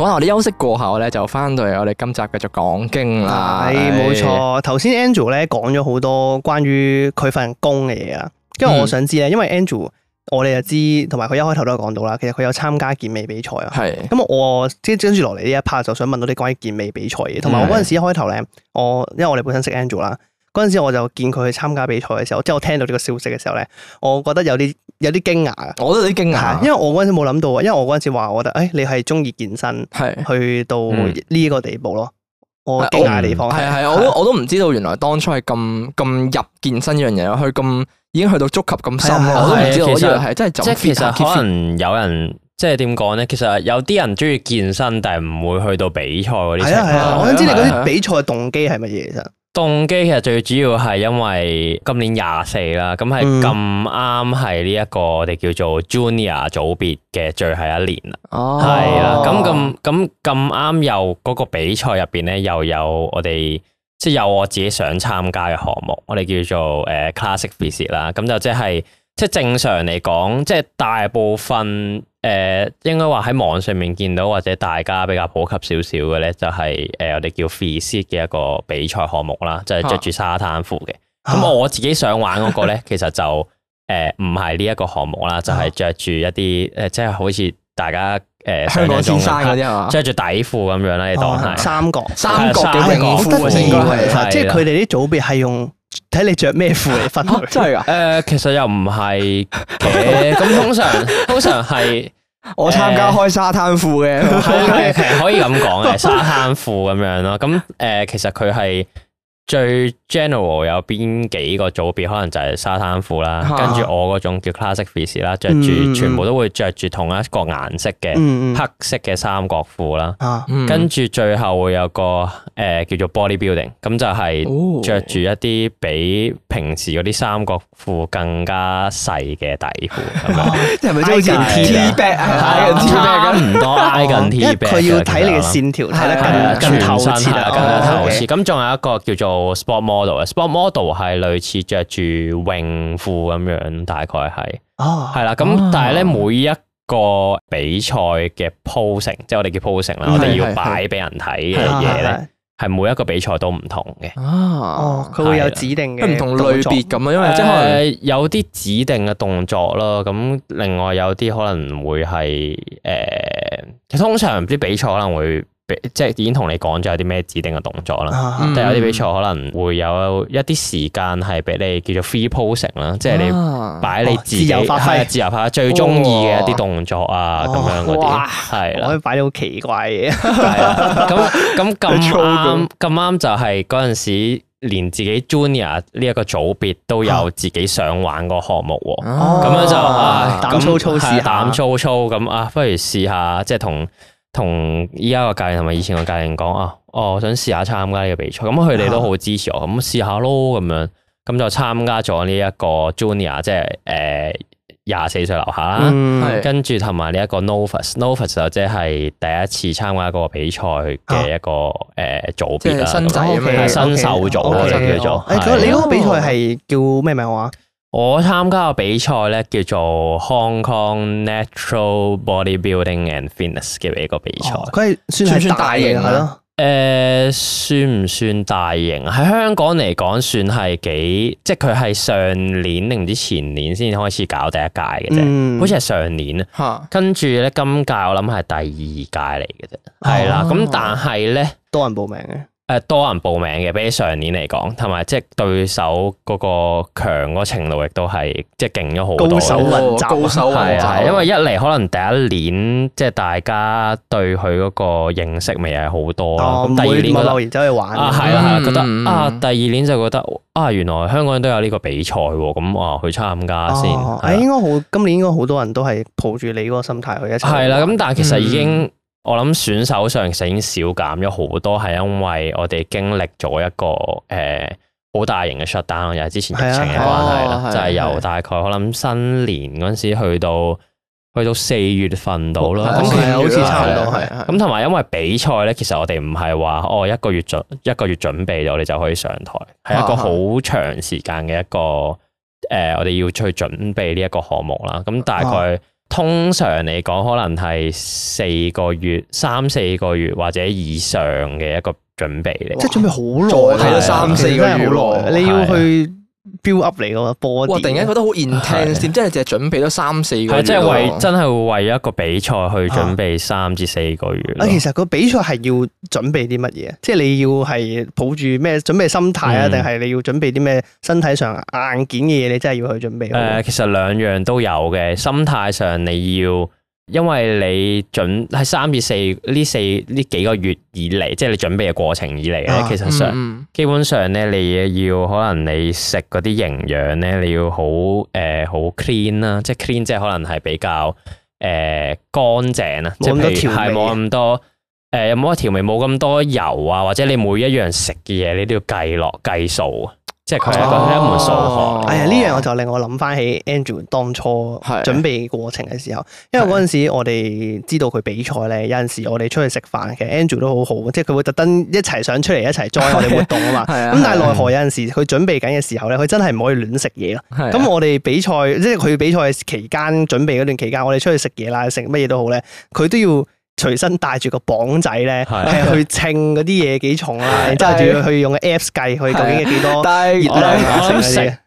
[SPEAKER 3] 可能我哋休息過後咧，就翻到嚟我哋今集繼續講經啦。係，冇錯。
[SPEAKER 1] 頭先 Andrew 咧講咗好多關於佢份工嘅嘢啦，因為我想知咧，嗯、因為 Andrew，我哋就知，同埋佢一開頭都有講到啦，其實佢有參加健美比賽啊。係是的。咁我即係跟住落嚟呢一 part 就想問到啲關於健美比賽嘅，同埋我嗰陣時一開頭咧，是的 我因為我哋本身識 Andrew 啦。嗰陣時我就見佢去參加比賽嘅時候，即係我聽到呢個消息嘅時候咧，我覺得有啲有啲驚訝啊！我都有啲驚訝，因為我嗰陣時冇諗到啊，因為我嗰陣時話我覺得，誒，你係中意健身，係去到呢個地步咯。我驚訝地方係係，我都
[SPEAKER 3] 我都唔知道，原來當初係咁咁入健身呢樣嘢，去咁已經去到觸及咁
[SPEAKER 1] 深我都唔知道。係真係。即係其實可能
[SPEAKER 2] 有人，即係點講咧？其實有啲人中意健身，但係唔會去到比賽嗰啲。我想知你嗰啲比
[SPEAKER 1] 賽動機係乜嘢？其實。
[SPEAKER 2] 動機其實最主要係因為今年廿四啦，咁係咁啱係呢一個我哋叫做 Junior 組別嘅最後一年啦，係啦、哦，咁咁咁咁啱又嗰個比賽入邊咧又有我哋即係有我自己想參加嘅項目，我哋叫做誒 Classic Visit 啦，咁就即係。即係正常嚟講，即係大部分誒，應該話喺網上面見到或者大家比較普及少少嘅咧，就係誒我哋叫 physique 嘅一個比賽項目啦，就係着住沙灘褲嘅。咁我自己想玩嗰個咧，其實就誒唔係呢一個項目啦，就係着住一啲誒，即係好似大家誒香港先生嗰啲啊，着住底褲咁樣啦。你當係三
[SPEAKER 1] 角三角底褲先係，即係佢哋啲組別係用。睇你着咩褲嚟分佢。啊，真係噶？誒、呃，其實又唔
[SPEAKER 2] 係嘅。咁 通常，通常係、 呃、我參加開
[SPEAKER 1] 沙灘褲
[SPEAKER 3] 嘅，呃、 其實可以咁講嘅沙
[SPEAKER 2] 灘褲咁樣咯。咁、呃、誒，其實佢係。最 general 有邊幾個組別，可能就係沙灘褲啦，跟住我嗰種叫 classic physique 啦，着住全部都會着住同一個顏色嘅黑色嘅三角褲啦，跟住最後會有個誒叫做 bodybuilding，咁就係着住一啲比平時嗰啲三角褲更加細嘅底褲，係咪？即係咪都似 T back 啊？緊 T back 唔多，挨緊 T back 佢要睇你嘅線條，睇得更透徹，更透徹。咁仲有一個叫做。sport model 啊，sport model 係類似着住泳褲咁樣，大概係，係啦、哦，咁但係咧每一個比賽嘅 posing，即係我哋叫 posing 啦，嗯、我哋要擺俾人睇嘅嘢咧，係每一個比賽都唔同嘅。哦，
[SPEAKER 1] 佢會有指定嘅唔同類別咁啊，因為即係
[SPEAKER 2] 有啲指定嘅動作咯。咁另外有啲可能會係誒、呃，通常啲比賽可能會。即係已經同你講咗有啲咩指定嘅動作啦，即係有啲比賽可能會有一啲時間係俾你叫做 free posing 啦，即係你擺你自己自由發揮、自由發揮最中意嘅一啲動作啊，咁樣嗰啲係啦，可以擺到好奇怪嘅。咁咁咁啱咁啱就係嗰陣時，連自己 Junior 呢一個組別都有自己想玩個項目，咁樣就膽粗粗試下膽粗粗咁啊，不如試下即係同。同依家個教練同埋以前個教練講啊，哦，我想試下參加呢個比賽，咁佢哋都好支持我，咁試下咯咁樣，咁就參加咗呢一個 Junior，即、就、係、是、誒廿、呃、四即係誒廿四歲樓下啦，嗯、跟住同埋呢一個 n o v i c n o v i cNovice，Novice 就即係第一次參加嗰個比賽嘅一個誒組別啦，啊、樣新手啊樣 okay, 新手組咯叫做。誒，佢你嗰個比
[SPEAKER 1] 賽係叫咩名話？
[SPEAKER 2] 我參加個比賽咧，叫做 Hong Kong Natural Bodybuilding and Fitness 嘅一個比賽。佢係、哦、
[SPEAKER 1] 算唔算、算大型係咯？
[SPEAKER 2] 誒、嗯，算唔算大型？喺香港嚟講，算係幾？即係佢係上年定唔知前年先開始搞第一屆嘅啫。好似係上年啦。嚇！跟住咧，今屆我諗係第二屆嚟嘅啫。
[SPEAKER 1] 係啦、哦，咁
[SPEAKER 2] 但係咧，多人報名嘅。誒，多人報名嘅，比起上年嚟講，同埋即係對手嗰個強嗰個程度，亦都係即係勁咗好多高，啊。高手雲集，係、啊啊，因為一嚟可能第一年即係、就是、大家對佢嗰個認識未係好多啦。咁、哦、第二年我留得走去玩啊，係啦、啊啊啊啊，覺得、嗯、啊，第二年就覺得啊，原來香港人都有呢個比賽，咁、啊、我、啊、去參加先。啊，
[SPEAKER 1] 哎、應該好，啊、今年應該好多人都係抱住你嗰個心態去一齊。係啦、嗯，咁、啊、但係其實已經、嗯。
[SPEAKER 2] 我諗選手上場已經少減咗好多，係因為我哋經歷咗一個誒好、呃、大型嘅 shut down，又係之前疫情嘅關係、啊、就係由大概我諗是新年嗰時去到去到四月份度啦，咁好似差唔多係、啊。咁同埋因為比賽咧，其實我哋唔係話哦一個月準一個月準備咗，我哋就可以上台，係一個好長時間嘅一個誒、呃，我哋要去準備呢一個項目啦。咁大概。通常嚟講，可能係四個月、三四個月或者以上嘅一個準備嚟。哇即係準備
[SPEAKER 4] 好耐，係啊
[SPEAKER 2] 對，三四對個月好耐對，對你要去。build up 嚟噶嘛播我突然間覺得好 intense，
[SPEAKER 1] 點對即係淨係準備咗三四個月，係即係為真
[SPEAKER 2] 係會為一個比賽去準備三至四個月。啊，其
[SPEAKER 1] 實個比賽係要準備啲乜嘢？即係你要係抱住咩準備心態啊，定係、嗯、你要準備啲咩身體上硬件嘅嘢？你真係要去準備。誒、呃，
[SPEAKER 2] 其實兩樣都有嘅，心態上你要。因為你準喺三至四呢四呢幾個月以嚟，即係你準備嘅過程以嚟咧，啊、其實上、嗯、基本上咧，你要可能你食嗰啲營養咧，你要好誒好 clean 啦，呃、clean，即係 clean 即係可能係比較誒乾淨啦，即係係冇咁多誒冇咁多調味，冇咁多、呃、冇咁多油啊，或者你每一樣食嘅嘢，你都要計落計數。即係佢一一門數學、哦。哎呀，呢
[SPEAKER 1] 樣我就令我諗翻起 Andrew 當初準備過程嘅時候，的因為嗰陣時我哋知道佢比賽咧，有陣時我哋出去食飯，其實 Andrew 都好好，即係佢會特登一齊上出嚟，一齊 join 我哋活動啊嘛。咁但係奈何有陣時佢準備緊嘅時候咧，佢真係唔可以亂食嘢咯。咁我哋比賽，即係佢比賽期間準備嗰段期間，我哋出去食嘢啦，食乜嘢都好咧，佢都要。隨身帶住個磅仔咧，係去稱嗰啲嘢幾重啊，然之後仲要去用 apps 計佢究竟係幾多熱量，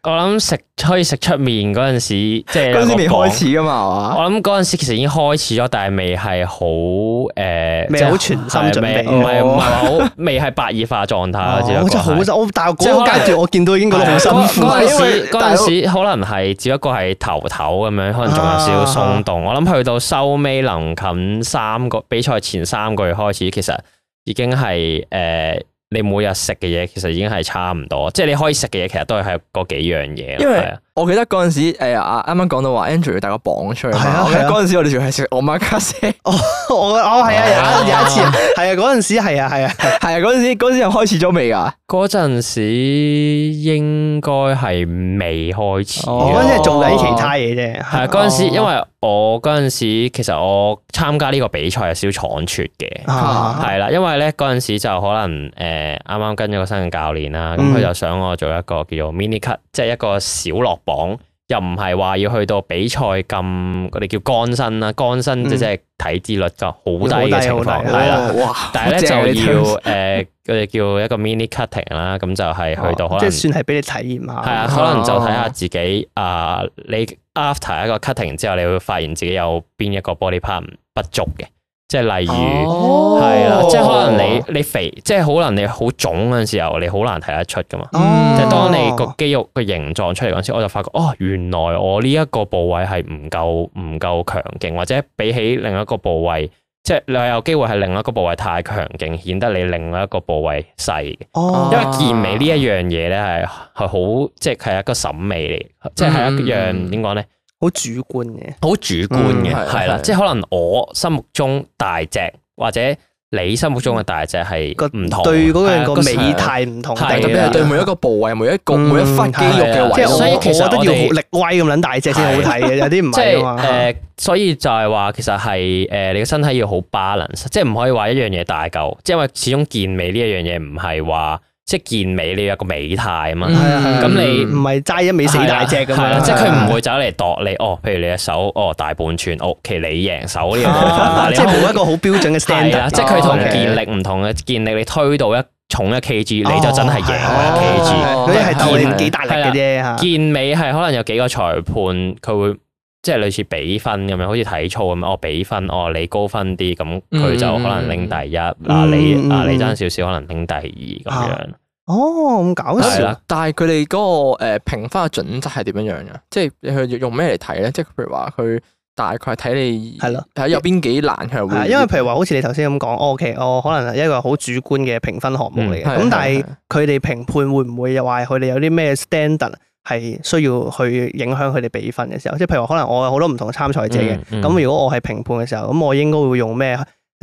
[SPEAKER 2] 我諗食可以食出面嗰陣時，即係嗰陣時未開始噶嘛，我諗嗰陣時其實已經開始咗，但係未係好誒，未好全心準備。唔係唔係好，未係白熱化狀態。我真係好，我
[SPEAKER 1] 但係嗰陣時我見到已經覺得好辛苦。嗰陣時陣時
[SPEAKER 2] 可能係只不過係頭頭咁樣，可能仲有少少鬆動。我諗去到收尾臨近三個。比賽前三個月開始，其實已經係誒、呃、你每日食嘅嘢，其實已經係差唔多，即係你可以食嘅嘢，其實都係嗰幾樣嘢。因為
[SPEAKER 3] 我記得嗰陣時，啊，啱啱講到話 Andrew 大家綁出去，係啊！嗰時我哋仲係食我媽家食，
[SPEAKER 1] 我我係啊！有
[SPEAKER 3] 一次，係啊！
[SPEAKER 2] 嗰陣時係啊係啊，係啊！嗰陣時嗰陣時又開始咗未啊？嗰陣時應該係未開始，嗰陣做緊其他嘢啫。係啊！嗰時因為我嗰陣時其實我參加呢個比賽有少少倉促嘅，係啦、啊啊，因為咧嗰陣時就可能誒啱啱跟咗個新嘅教練啦，咁佢就想我做一個叫做 mini cut，即係一個小落。講又唔係話要去到比賽咁，佢哋叫乾身啦，乾身即係體脂率就好低嘅情況係啦，但係咧推就要誒，佢哋、呃、叫一個 mini cutting 啦、嗯，咁、哦、就係去到可能即係算係俾你體驗下，係啊，可能就睇下自己啊、呃，你 after 一個 cutting 之後，你會發現自己有邊一個 body part 不足嘅。即係例如係啦、哦，即係可能你、哦、你肥，即係可能你好腫嗰陣時候，你好難睇得出噶嘛。即係、嗯、當你個肌肉個形狀出嚟嗰陣時，我就發覺哦，原來我呢一個部位係唔夠唔夠強勁，或者比起另一個部位，即係你係有機會係另一個部位太強勁，顯得你另外一個部位細，哦、因為健美呢一樣嘢咧，係係好即係係一個審美嚟，即係一樣點講咧。嗯嗯
[SPEAKER 1] 好主觀嘅，好主觀嘅係啦，即係
[SPEAKER 2] 可能我心目中大隻或者你心目中嘅大隻係個唔同，對嗰樣個美態唔同，特別係對每一個
[SPEAKER 1] 部位，每一個每一忽肌肉嘅位，所以其實我覺得要力威咁捻大隻先好睇嘅，有啲唔係即係誒，
[SPEAKER 2] 所以就係話其實係誒，你嘅身體要好 balance，即係唔可以話一樣嘢大嚿，即係因為始終健美呢一樣嘢唔係話。即係健美你要一個美態啊嘛，咁你唔係齋一味死大隻咁樣，即係佢唔會走嚟度你哦，譬如你一手哦大半寸，O.K. 你贏手呢樣嘢，即係冇一個
[SPEAKER 1] 好標準嘅 standard。即係佢同健力唔
[SPEAKER 2] 同嘅，健力你推到一重一 K.G. 你就真係贏一 K.G. 嗰啲係度你幾大力嘅啫。健美係可能有幾個裁判佢會。即係類似比分咁樣，好似體操咁樣，我比分，哦你高分啲，咁佢就可能拎第一。嗱你，嗱你爭少少，可能拎第二咁
[SPEAKER 4] 樣。哦，
[SPEAKER 1] 咁搞
[SPEAKER 3] 笑！了但係佢哋嗰個誒評分嘅準則係點樣樣嘅？即係你去用咩
[SPEAKER 1] 嚟睇咧？即係譬如話佢大概睇你係咯，睇下有邊
[SPEAKER 3] 幾難佢會。因為
[SPEAKER 1] 譬如話，好似你頭先咁講，OK，哦可能係一個好主觀嘅評分項目嚟嘅。咁、嗯、但係佢哋評判會唔會又話佢哋有啲咩 standard？係需要去影響佢哋比分嘅時候，即係譬如話可能我有好多唔同嘅參賽者嘅，咁、嗯嗯、如果我係評判嘅時候，咁我應該會用咩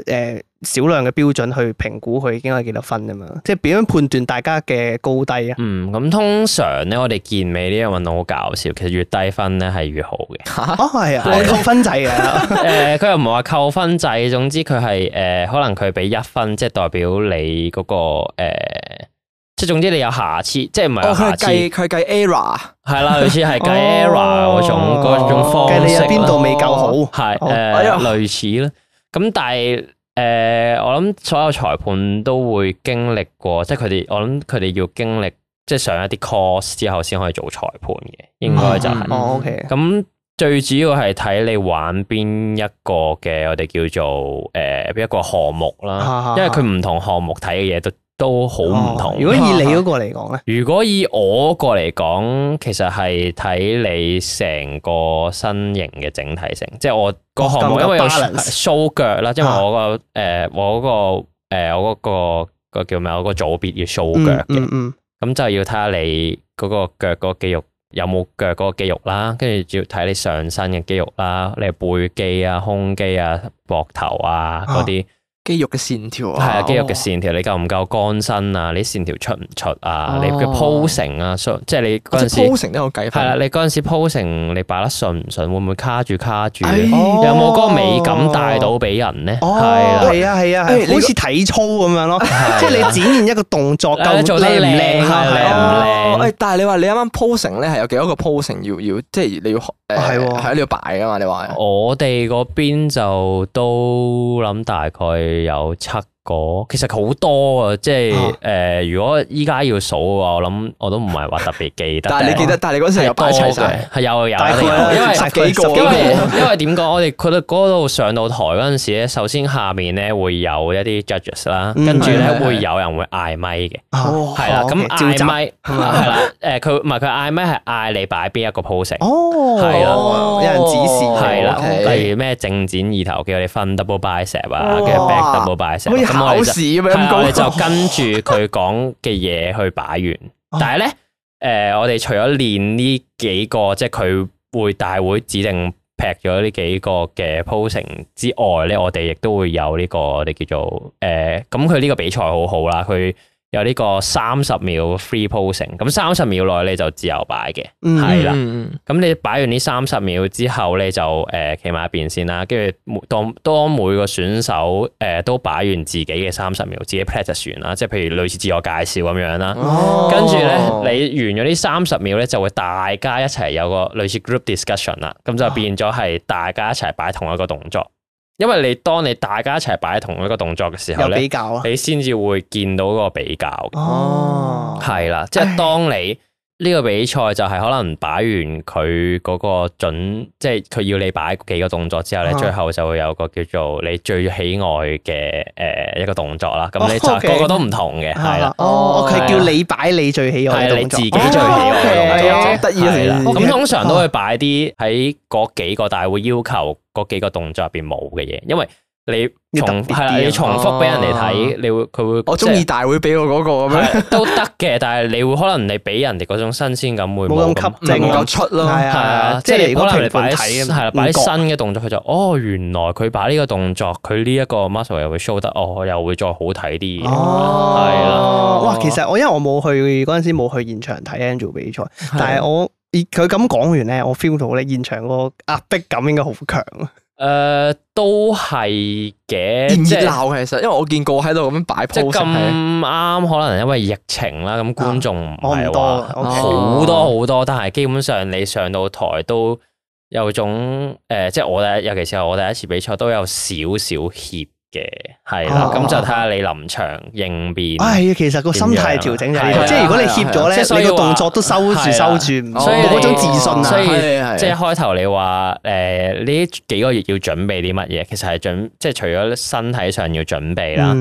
[SPEAKER 1] 誒少量嘅標準去評估佢應該幾多分啊嘛？即係點樣判斷大家嘅
[SPEAKER 2] 高低啊？嗯，咁通常咧，我哋健美呢樣運動好搞笑，其實越低分咧係越好嘅
[SPEAKER 1] 吓，哦係啊，扣分制嘅，
[SPEAKER 2] 誒，佢又唔係話扣分制，總之佢係誒，可能佢俾一分，即係代表你嗰個誒。呃即係總之你有瑕疵，即係唔係有瑕疵。
[SPEAKER 3] 佢計 error，係啦，類似係計 error 嗰種
[SPEAKER 2] 嗰種方式，你有邊度未夠好，係誒類似啦。咁但係誒、呃，我諗所有裁判都會經歷過，即係佢哋，我諗佢哋要經歷即係上一啲 course 之後先可以做裁判嘅，應該就係。咁、嗯哦 okay，最主要係睇你玩邊一個嘅我哋叫做誒邊、呃、一個項目啦，因為佢唔同項目睇嘅嘢都。都好唔同、哦。如果以你嗰個嚟講咧，啊、如果以我嗰個嚟講，其實係睇你成個身形嘅整體性，哦、即係我個項目，有有因為我有 show 腳啦，即係我個誒、呃，我嗰個誒，我嗰個個叫咩？我個組別要 show 腳嘅，咁、嗯嗯、就要睇下你嗰個腳嗰個肌肉有冇腳嗰個肌肉啦，跟住要睇你上身嘅肌肉啦，你背肌啊、胸肌啊、膊頭啊嗰啲。啊肌肉嘅線條啊，啊，肌肉嘅線條，你夠唔夠乾身啊？你啲線條出唔出啊？你嘅 posing 啊，即係你嗰陣時 posing 係啦，你嗰陣時 posing，你擺得順唔順？會唔會卡住卡住？有冇嗰個美感帶到俾人咧？係啊，係啊，係啊，好似體操咁樣咯，即係你展現一個動作夠靚唔靚？係
[SPEAKER 3] 靚靚？但係你話你啱啱 posing 咧係有幾多個 posing 要要，即係你要係喎，係喺你度擺噶嘛？你話
[SPEAKER 2] 我哋嗰邊就都諗大概。有七。其實好多啊，即係誒，如果依家要數嘅話，我諗我都唔係話特別記得。但係你記得？但係你嗰陣又擺齊曬，係有有。因為因為點講？我哋佢哋嗰度上到台嗰陣時咧，首先下面咧會有一啲 judges 啦，跟住咧會有人會嗌咪嘅。哦，係啦，咁嗌咪係啦。誒，佢唔係佢嗌咪係嗌你擺邊一個 pose。哦，係啦，有人指示。係啦，例如咩正展二頭，叫你分 double bi 啊，跟住 back double bi 咁、嗯、我哋就，就跟住佢講嘅嘢去擺完， 但係咧，誒、呃，我哋除咗練呢幾個，即係佢會大會指定劈咗呢幾個嘅 posing 之外咧、嗯這個，我哋亦都會有呢個我哋叫做誒，咁佢呢個比賽好好啦，佢。有呢個三十秒 free posing，咁三十秒內你就自由擺嘅，係、mm hmm. 啦。咁你擺完呢三十秒之後咧就誒企埋一邊先啦，跟住每當當每個選手誒、呃、都擺完自己嘅三十秒，自己 presentation 啦，即係譬如類似自我介紹咁樣啦。Oh. 跟住咧你完咗呢三十秒咧就會大家一齊有個類似 group discussion 啦，咁就變咗係大家一齊擺同一個動作。Oh. 嗯因為你當你大家一齊擺同一個動作嘅時候咧，啊、你先至會見到嗰個比較。哦，係 啦，即係當你。呢個比賽就係可能擺完佢嗰個準，即係佢要你擺幾個動作之後咧，最後就會有個叫做你最喜愛嘅，誒一個動作啦。咁你就個個都唔同嘅，係啦。哦，佢叫你擺你
[SPEAKER 1] 最喜愛嘅動作，你自己最喜愛嘅動作，得意啦。咁通常都會
[SPEAKER 2] 擺啲喺嗰幾個，大會要求嗰幾個動作入邊冇嘅嘢，因為。你重係啦，你重複俾人哋睇，你會佢會我中意大
[SPEAKER 3] 會俾我嗰個咩？都
[SPEAKER 2] 得嘅，但係你會可能你俾人哋嗰種新鮮感會冇咁能夠出咯，係啊，即係如果你擺係啦，擺新嘅動作，佢就哦，原來佢擺呢個動作，佢呢一個 muscle 又會 show 得，我又會再好睇啲，哦，係啦，哇，其
[SPEAKER 1] 實我因為我冇去嗰陣時冇去現場睇 Andrew 比賽，但係我佢咁講完咧，我 feel 到咧現場個壓迫感應該好強。
[SPEAKER 2] 誒、呃，都係嘅，熱鬧其實，即因為我見過喺度咁樣擺 pose，o s 咁啱可能因為疫情啦，咁、啊、觀眾唔係多，好、okay、多好多，但係基本上你上到台都有種誒、呃，即係我哋，尤其是我第一次比賽都有少少怯。嘅係咯，咁就睇下你臨場應變。係其實個心態調整就係，即係如果你怯咗咧，你個動作都收住收住，冇嗰種自信，所以即係開頭你話誒，呢幾個月要準備啲乜嘢？其實係準，即係除咗身體上要準備啦，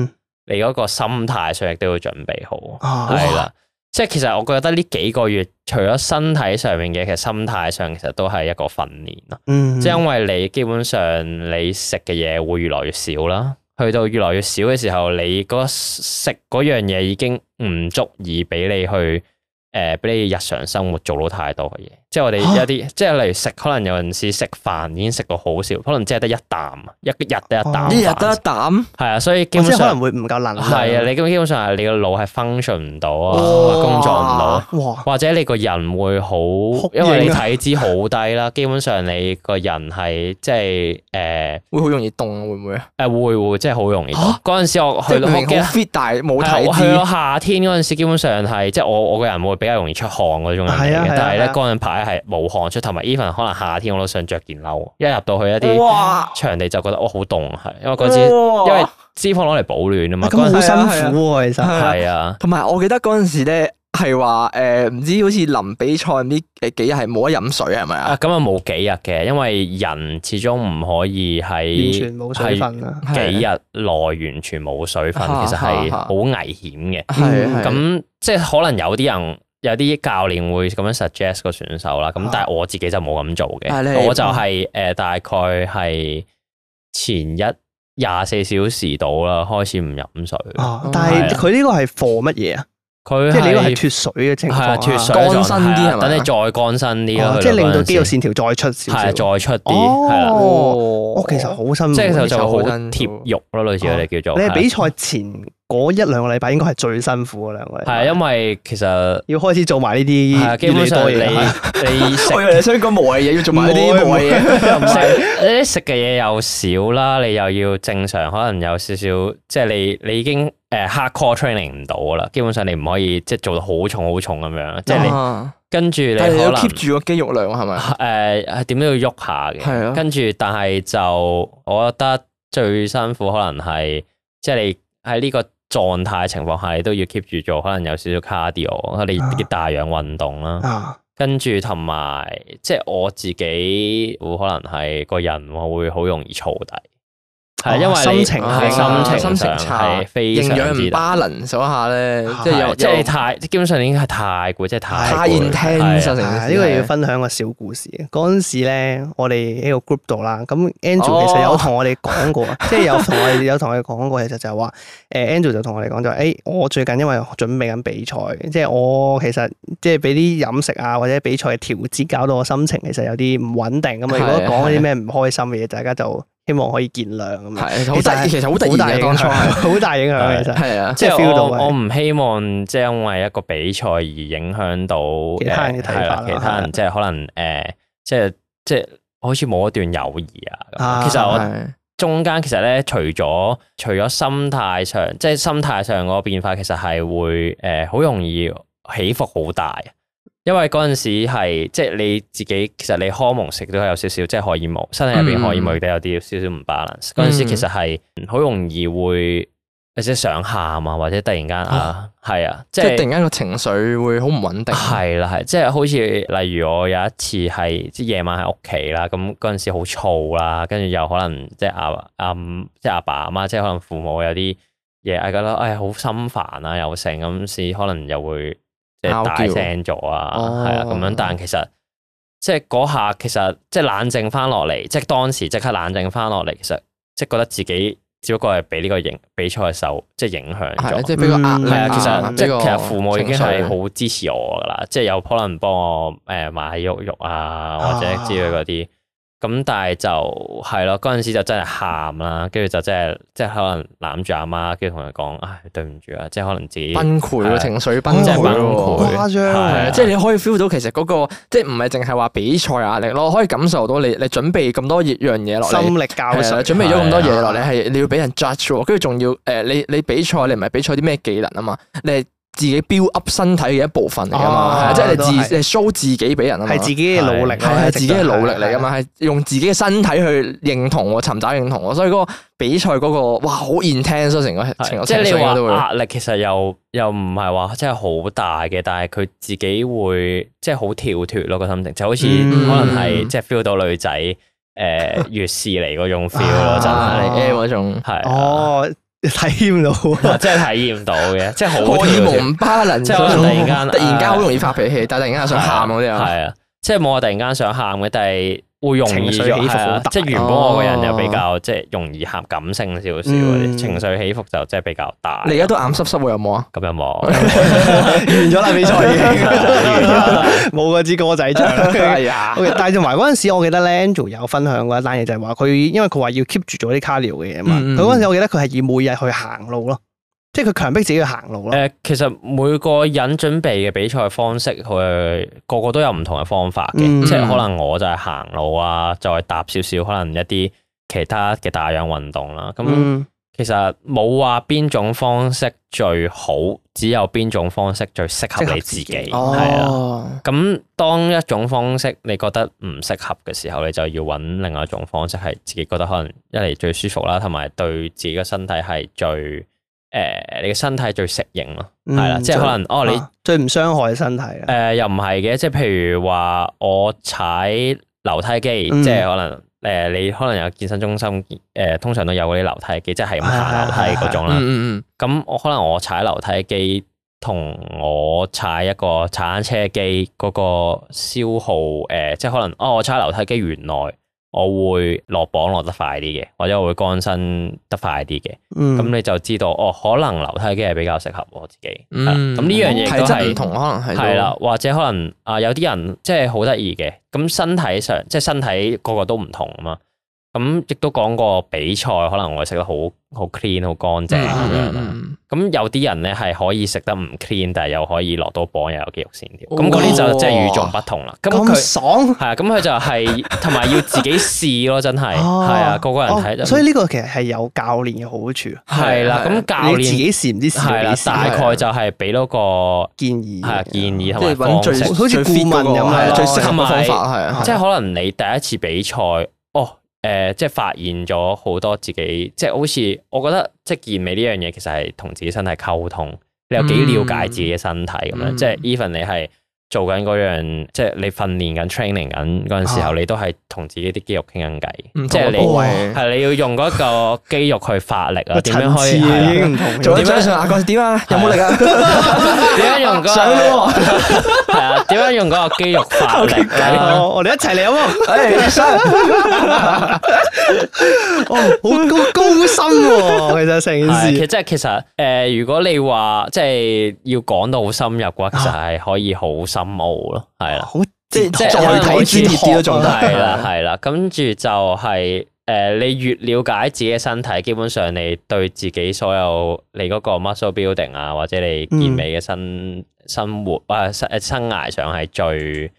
[SPEAKER 2] 你嗰個心態上亦都要準備好。係啦，即係其實我覺得呢幾個月除咗身體上面嘅，其實心態上其實都係一個訓練
[SPEAKER 4] 咯。即係因為
[SPEAKER 2] 你基本上你食嘅嘢會越來越少啦。去到越來越少嘅時候，你嗰食嗰樣嘢，已經唔足以俾你去誒，俾、呃、你日常生活做到太多嘅嘢。即係我哋一啲，即係例如食，可能有陣時食飯已經食到好少，可能只係得一啖，一日得一啖。一日得一啖，係啊，所以基本上即係
[SPEAKER 1] 可能會唔夠能量。係啊，你
[SPEAKER 2] 根本基本上係你個腦係 function 唔到啊，工作唔到。哇！或者你個人會好，因為你體脂好低啦，基本上你個人係即係誒，會好容易凍啊？會唔會啊？誒，會會，即係好容易凍。嗰陣時我去到好 fit，
[SPEAKER 3] 但係冇體脂啊。夏
[SPEAKER 2] 天嗰陣時，基本上係即係我我個人會比較容易出汗嗰種人嚟嘅，但係咧嗰陣排。係無汗出，同埋 even 可能夏天我都想着件褸，一入到去一啲場地就覺得哇好凍啊！係，因為嗰次因為脂肪攞嚟保暖啊嘛，咁好辛苦啊！其實係啊，
[SPEAKER 3] 同埋、啊啊啊、我記得嗰陣時咧係話誒，唔知好似臨比賽呢誒幾日係冇得飲水係咪
[SPEAKER 2] 啊？咁啊冇幾日嘅，因為人始終唔可以喺全冇水，水分。幾日內完全冇水分，啊、其實係好危險嘅。係咁、啊啊啊啊、即係可能有啲人。有啲教練會咁樣 suggest 個選手啦，咁但係我自己就冇咁做嘅，我就係誒大概係前一廿四小時到啦，開始唔飲水。
[SPEAKER 1] 但係佢呢個係 for 乜嘢啊？佢即係呢個係脫
[SPEAKER 2] 水嘅情況，脫水乾身啲係等你再乾身啲咯，即係令到肌肉線
[SPEAKER 1] 條再出少少，再
[SPEAKER 2] 出啲。哦，
[SPEAKER 1] 其實好辛苦，即係就好多
[SPEAKER 2] 貼肉咯，類似佢哋叫做。你比
[SPEAKER 1] 賽前。嗰一兩個禮拜應該係最辛苦嘅兩個禮
[SPEAKER 2] 拜，係因為其實要開始做埋呢啲，
[SPEAKER 1] 基本上你， 你食吃， 我又
[SPEAKER 2] 想講無謂嘢要做埋啲無謂嘢，唔食沒，你食嘅嘢又少啦，你又要正常，可能有少少，即係你你已經誒 hard core training 唔到啦，基本上你唔可以即係做到好重好重咁樣，即係你跟住你，但係要 keep
[SPEAKER 3] 住個肌肉量係咪？
[SPEAKER 2] 誒，點都、呃、要喐下嘅，的的跟住，但係就我覺得最辛苦可能係即係你喺呢個。狀態情況下，你都要 keep 住做，可能有少少 cardio。你啲、啊、大氧運動啦，啊、跟住同埋即係我自己，我可能係個人會好容易躁底。因為心情係，心情係非常之差，營養唔
[SPEAKER 1] balance 咗下咧，即係又即係太基本上已經
[SPEAKER 2] 係太攰，即係太太厭聽心情。呢個要分
[SPEAKER 1] 享個小故事啊！嗰陣時咧，我哋喺個 group 度啦，咁 Andrew 其實有同我哋講過，即係有同我有同我哋講過，其實就係話誒，Andrew 就同我哋講就誒，我最近因為準備緊比賽，即係我其實即係俾啲飲食啊或者比賽嘅調節搞到我心情其實有啲唔穩定咁啊！如果講啲咩唔開心嘅嘢，大家就～希望可以見諒咁樣，其實其實好突然嘅，好大影響，
[SPEAKER 2] 好大影響其實係啊，即係我我唔希望即係因為一個比賽而影響到其他人嘅睇法，其他人即係可能誒，即係即係好似冇一段友誼啊。其實我中間其實咧，除咗除咗心態上，即係心態上個變化，其實係會誒好容易起伏好大。因為嗰陣時係即係你自己，其實你荷爾蒙食都有少少，即係荷爾蒙身體入邊荷爾蒙都有啲少少唔 balance。嗰陣、嗯、時其實係好容易會有啲想喊啊，或者突然間啊，係啊，啊，啊，啊，即係突然間個情緒會好唔穩定。係啦係，即係好似例如我有一次係即係夜晚喺屋企啦，咁嗰陣時好燥啦，跟住又可能即係阿阿即係阿爸阿媽，即係、啊啊、可能父母有啲嘢，我覺得哎好心煩啊，又成咁時，可能又會。大聲咗啊，係啊咁樣，但其實的即係嗰下其實即係冷靜翻落嚟，即係當時即刻冷靜翻落嚟，其實即係覺得自己只不過係俾呢個影比賽受即係影響咗。係啊，即係俾個壓力。係啊、嗯，其實即係其實父母已經係好支持我㗎喇，緒啊、即係有可能幫我誒買喐肉啊或者之類嗰啲、啊。啊咁但係就係咯，嗰陣時真就真係喊啦，跟住就真係，即係可能攬住阿媽，跟住同佢講，唉，對唔住啊，即係可能自己崩潰，的情緒崩潰，誇張係，即係你
[SPEAKER 3] 可以 feel 到其實嗰、那
[SPEAKER 2] 個，即係唔係淨係話比賽壓力咯，可以感受到
[SPEAKER 3] 你你準備咁多樣嘢落嚟，心力交瘁，的對準備咗咁多嘢落嚟，係對你要俾人 judge，跟住仲要，誒，你比賽你比賽你唔係比賽啲咩技能啊嘛，你。你自己 build up 身體嘅一部分嚟噶嘛，哦、即係你自的你 show 自己俾人啊，係自己嘅努力，係係自己嘅努力嚟噶嘛，係用自己嘅身體去認同，尋找認同，所以嗰個比賽嗰個哇好 intense 成個，個個情即係你話都會壓
[SPEAKER 2] 力其實又又唔係話真係好大嘅，但係佢自己會即係好跳脫咯個心情，就是、好似可能係即係 feel 到女仔誒越試嚟嗰種 feel 咯，真係 am
[SPEAKER 1] 嗰體驗到，即
[SPEAKER 2] 係體驗到嘅， 即係好似我以前巴能即，即係突然間、哎、呀 突然間好容易發
[SPEAKER 3] 脾氣、哎呀，但係突然間又想喊嗰啲啊，係
[SPEAKER 2] 啊，即係冇話突然間想喊嘅，但係。會容易起伏，啊、即係原本我個人又比較即係容易合感性少少，嗯、情緒起伏就即係比較大。
[SPEAKER 1] 你而家都眼濕濕喎，有冇
[SPEAKER 2] 啊？咁有冇完咗啦，比賽已經冇嗰支歌仔唱。
[SPEAKER 1] 係啊，但係同埋嗰陣時，我記得 Andrew 有分享過嗰單嘢，就係話佢因為佢話要 keep 住做啲 cardio 嘅嘢啊嘛。佢嗰陣時，我記得佢係以每日去行路咯。即係佢強迫自己去行路
[SPEAKER 2] 咯。誒、呃，其實每個人準備嘅比賽方式，佢個個都有唔同嘅方法嘅。嗯、即係可能我就係行路啊，嗯、再搭少少可能一啲其他嘅帶氧運動啦、啊。咁其實冇話邊種方式最好，嗯、只有邊種方式最適合你自己係啦。咁、哦啊、當一種方式你覺得唔適合嘅時候，你就要揾另外一種方式，係自己覺得可能一嚟最舒服啦，同埋對自己嘅身體係最。誒、呃，你嘅身體最適應咯，係啦、嗯，即係可能哦，啊、你最唔傷害身體，誒、呃，又唔係嘅，即係譬如話我踩樓梯機，嗯、即係可能誒、呃，你可能有健身中心，誒、呃，通常都有嗰啲樓梯機，即係咁行樓梯嗰種啦。咁、嗯嗯嗯、我可能我踩樓梯機同我踩一個踩單車機嗰個消耗，誒、呃，即係可能哦，我踩樓梯機原來。我會落磅落得快啲嘅，或者我會乾身得快啲嘅。咁、嗯、你就知道哦，可能樓梯機係比較適合我自己。
[SPEAKER 4] 咁呢樣嘢都係同可能係，係啦，
[SPEAKER 2] 或者可能啊、呃，有啲人即係好得意嘅，咁身體上即係身體個個個都唔同啊嘛。咁亦都講過比賽，可能我食得好好 clean，好乾淨咁樣。咁有啲人咧係可以食得唔 clean，但係又可以落到磅，又有肌肉線條。咁嗰啲就即係與眾不同啦。咁佢爽係啊，咁佢就係同埋要自己試咯，真係係啊，個個人睇。所以呢
[SPEAKER 1] 個其實係有教練嘅好處。係啦，咁教練自己試唔知試幾？大概
[SPEAKER 2] 就係俾多個建議係啊，建議同最好似顧問咁樣，最適合嘅方法係啊。即係可能你第一次比賽，哦。誒、呃，即係發現咗好多自己，即係好似我覺得，即係健美呢樣嘢，其實係同自己身體溝通，你有幾了解自己嘅身體咁樣，嗯、即係 even 你係。做緊嗰樣，即係你訓練緊、training 緊嗰陣時候，你都係同自己啲肌肉傾緊偈，即係你係你要用嗰個肌肉去發力啊，點樣去係啊？點
[SPEAKER 3] 樣啊？個點啊？有冇力啊？
[SPEAKER 2] 點樣用個？係啊？點樣用嗰個肌肉發力？我哋一齊嚟
[SPEAKER 1] 好唔好？好高高深喎，其實成件事，其
[SPEAKER 2] 實即係其實誒，如果你話即係要講到好深入嘅話，其實係可以好。深奧咯，係啦，好即係即係再睇專業啲都仲係啦，係啦，跟住 就係、是、誒、呃，你越了解自己嘅身體，基本上你對自己所有你嗰個 muscle building 啊，或者你健美嘅生、嗯、生活啊生生涯上係最。